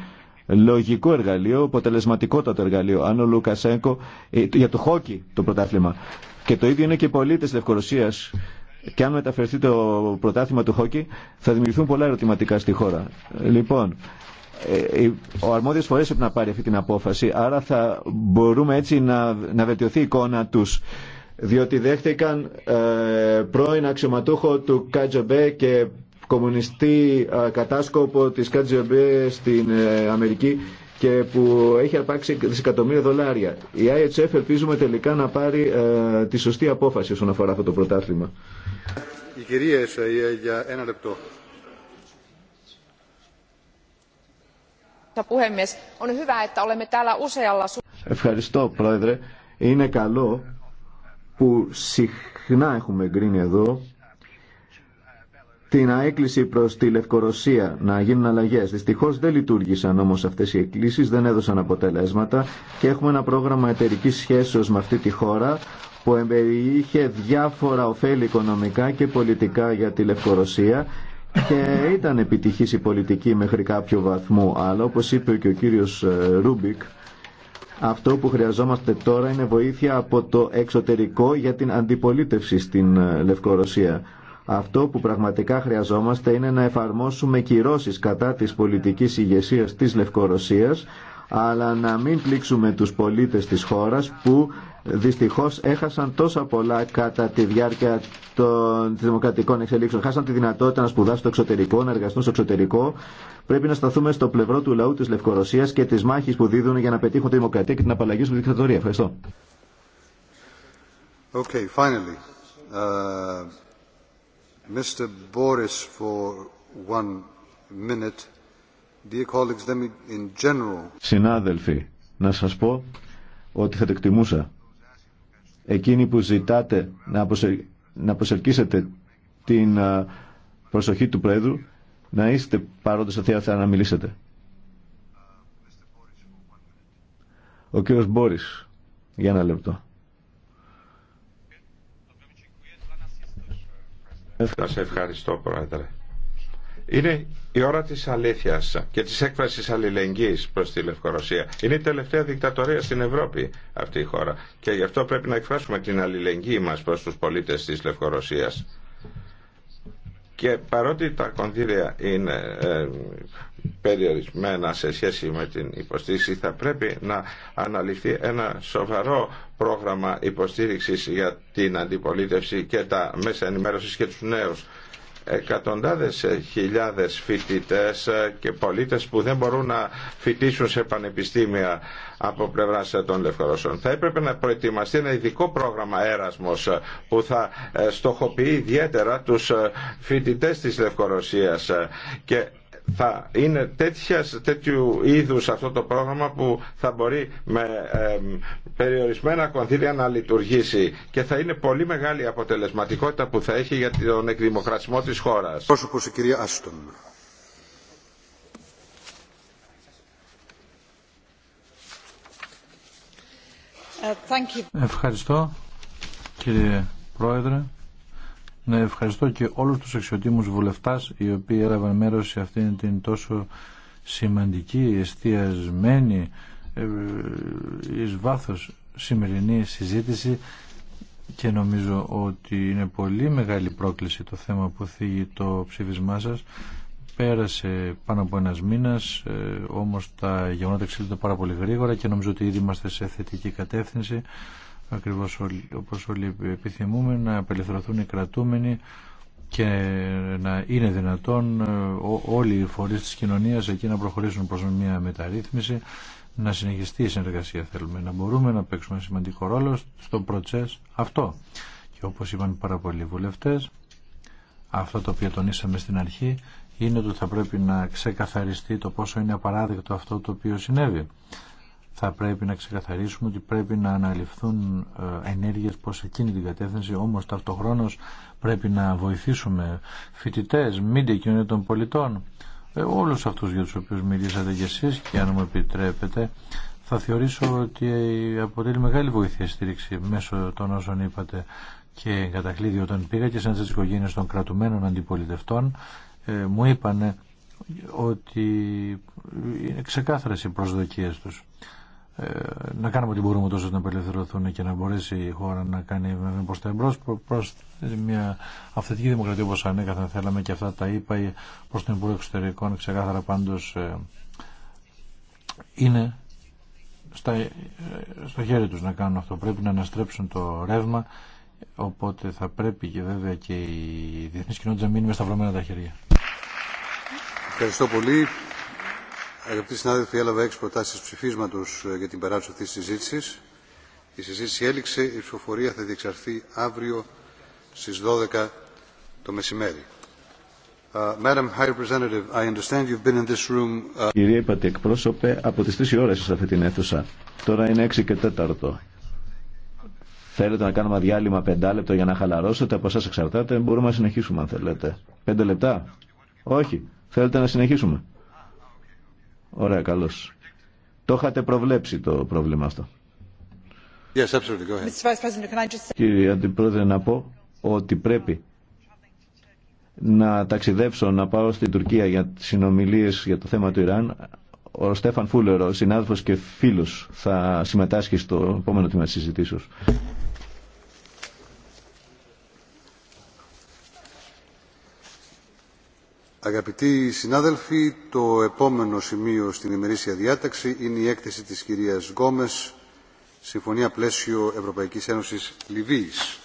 Speaker 5: λογικό εργαλείο, αποτελεσματικότατο εργαλείο. Αν ο Λουκασέγκο, ε, για το χόκι το πρωτάθλημα. Και το ίδιο είναι και οι πολίτε Λευκορωσία. Και αν μεταφερθεί το πρωτάθλημα του χόκι, θα δημιουργηθούν πολλά ερωτηματικά στη χώρα. Λοιπόν, ε, ε, ο αρμόδιο φορέα πρέπει να πάρει αυτή την απόφαση. Άρα θα μπορούμε έτσι να, να βελτιωθεί η εικόνα του. Διότι δέχτηκαν ε, πρώην αξιωματούχο του Κάτζομπέ και κομμουνιστή κατάσκοπο της ΚΑΤΖΕΜΠΕ στην ε, Αμερική και που έχει αρπάξει δισεκατομμύρια δολάρια. Η IHF ελπίζουμε τελικά να πάρει ε, τη σωστή απόφαση όσον αφορά αυτό το πρωτάθλημα.
Speaker 6: Η κυρία ε, για ένα λεπτό.
Speaker 5: Ευχαριστώ πρόεδρε. Είναι καλό που συχνά έχουμε εγκρίνει εδώ την αέκληση προ τη Λευκορωσία να γίνουν αλλαγέ. Δυστυχώ δεν λειτουργήσαν όμω αυτέ οι εκκλησει, δεν έδωσαν αποτελέσματα και έχουμε ένα πρόγραμμα εταιρική σχέσεως με αυτή τη χώρα που εμπεριείχε διάφορα ωφέλη οικονομικά και πολιτικά για τη Λευκορωσία και ήταν επιτυχής η πολιτική μέχρι κάποιο βαθμό, αλλά όπω είπε και ο κύριο ε, Ρούμπικ, αυτό που χρειαζόμαστε τώρα είναι βοήθεια από το εξωτερικό για την αντιπολίτευση στην ε, Λευκορωσία. Αυτό που πραγματικά χρειαζόμαστε είναι να εφαρμόσουμε κυρώσεις κατά της πολιτικής ηγεσία της Λευκορωσίας, αλλά να μην πλήξουμε τους πολίτες της χώρας που δυστυχώς έχασαν τόσα πολλά κατά τη διάρκεια των δημοκρατικών εξελίξεων. Χάσαν τη δυνατότητα να σπουδάσουν στο εξωτερικό, να εργαστούν στο εξωτερικό. Πρέπει να σταθούμε στο πλευρό του λαού της Λευκορωσίας και της μάχης που δίδουν για να πετύχουν τη δημοκρατία και την απαλλαγή στην δικτατορία. Ευχαριστώ.
Speaker 6: Okay, finally. Uh,
Speaker 5: Συνάδελφοι, να σας πω ότι θα το εκτιμούσα. Εκείνοι που ζητάτε να, να προσελκύσετε την προσοχή του Πρόεδρου, να είστε παρόντες στο θέατρο να μιλήσετε. Ο κύριος Μπόρις, για ένα λεπτό.
Speaker 4: σε ευχαριστώ Πρόεδρε. Είναι η ώρα της αλήθειας και της έκφρασης αλληλεγγύης προς τη Λευκορωσία. Είναι η τελευταία δικτατορία στην Ευρώπη αυτή η χώρα και γι' αυτό πρέπει να εκφράσουμε την αλληλεγγύη μας προς τους πολίτες της Λευκορωσίας. Και παρότι τα κονδύλια είναι ε, περιορισμένα σε σχέση με την υποστήριξη θα πρέπει να αναλυθεί ένα σοβαρό πρόγραμμα υποστήριξης για την αντιπολίτευση και τα μέσα ενημέρωσης και τους νέους εκατοντάδες χιλιάδες φοιτητές και πολίτες που δεν μπορούν να φοιτήσουν σε πανεπιστήμια από πλευρά των Λευκορώσων. Θα έπρεπε να προετοιμαστεί ένα ειδικό πρόγραμμα έρασμος που θα ε, στοχοποιεί ιδιαίτερα τους ε, φοιτητές της Λευκορωσίας και θα είναι τέτοιας, τέτοιου είδους αυτό το πρόγραμμα που θα μπορεί με περιορισμένα κονδύλια να λειτουργήσει και θα είναι πολύ μεγάλη αποτελεσματικότητα που θα έχει για τον εκδημοκρατισμό της χώρας. η κυρία
Speaker 6: ε,
Speaker 1: Ευχαριστώ κύριε Πρόεδρε. Να ευχαριστώ και όλους τους αξιωτήμους βουλευτάς οι οποίοι έλαβαν μέρος σε αυτήν την τόσο σημαντική, εστιασμένη, ε, εις βάθος σημερινή συζήτηση και νομίζω ότι είναι πολύ μεγάλη πρόκληση το θέμα που θίγει το ψήφισμά Πέρασε πάνω από ένας μήνας, ε, όμως τα γεγονότα εξελίσσονται πάρα πολύ γρήγορα και νομίζω ότι ήδη είμαστε σε θετική κατεύθυνση ακριβώς όπως όλοι επιθυμούμε να απελευθερωθούν οι κρατούμενοι και να είναι δυνατόν ε, όλοι οι φορείς της κοινωνίας εκεί να προχωρήσουν προς μια μεταρρύθμιση να συνεχιστεί η συνεργασία θέλουμε να μπορούμε να παίξουμε σημαντικό ρόλο στο προτσές αυτό και όπως είπαν πάρα πολλοί βουλευτές αυτό το οποίο τονίσαμε στην αρχή είναι ότι θα πρέπει να ξεκαθαριστεί το πόσο είναι απαράδεκτο αυτό το οποίο συνέβη θα πρέπει να ξεκαθαρίσουμε ότι πρέπει να αναλυφθούν ε, ενέργειες προς εκείνη την κατεύθυνση, όμως ταυτοχρόνως πρέπει να βοηθήσουμε φοιτητές, μήντε κοινωνία των πολιτών, ε, όλους αυτούς για τους οποίους μιλήσατε κι εσείς και αν μου επιτρέπετε θα θεωρήσω ότι αποτελεί μεγάλη βοήθεια η στήριξη μέσω των όσων είπατε και κατακλείδη όταν πήγα και σαν τις οικογένειες των κρατουμένων αντιπολιτευτών ε, μου είπανε ότι είναι ξεκάθαρες οι προσδοκίες τους. Ε, να κάνουμε ό,τι μπορούμε τόσο να απελευθερωθούν και να μπορέσει η χώρα να κάνει προ τα εμπρό, προ μια αυθεντική δημοκρατία όπω ανέκαθεν θέλαμε και αυτά τα είπα ε, προ τον Υπουργό Εξωτερικών. Ξεκάθαρα πάντω ε, είναι στα, στο χέρι τους να κάνουν αυτό. Πρέπει να αναστρέψουν το ρεύμα, οπότε θα πρέπει και βέβαια και οι διεθνή κοινότητα να μείνει με σταυρωμένα τα χέρια.
Speaker 6: Ευχαριστώ πολύ. Αγαπητοί συνάδελφοι, έλαβα έξι προτάσει ψηφίσματο ε, για την περάτωση αυτή τη συζήτηση. Η συζήτηση έληξε. Η ψηφοφορία θα διεξαρθεί αύριο στι 12 το μεσημέρι.
Speaker 5: Κυρία είπατε εκπρόσωπε, από τις 3 ώρες σε αυτή την αίθουσα. Τώρα είναι 6 και 4. Θέλετε να κάνουμε διάλειμμα 5 λεπτό για να χαλαρώσετε, από εσάς εξαρτάται, μπορούμε να συνεχίσουμε αν θέλετε. Πέντε λεπτά. Όχι, θέλετε να συνεχίσουμε. Ωραία, καλώς. Το είχατε προβλέψει το πρόβλημα αυτό.
Speaker 6: Yes,
Speaker 2: absolutely.
Speaker 5: Κύριε Αντιπρόεδρε, να πω ότι πρέπει να ταξιδέψω, να πάω στην Τουρκία για συνομιλίες για το θέμα του Ιράν. Ο Στέφαν Φούλερο, συνάδελφος και φίλος, θα συμμετάσχει στο επόμενο τμήμα της
Speaker 6: Αγαπητοί συνάδελφοι, το επόμενο σημείο στην ημερήσια διάταξη είναι η έκθεση της κυρίας Γκόμες, Συμφωνία Πλαίσιο Ευρωπαϊκής Ένωσης Λιβύης.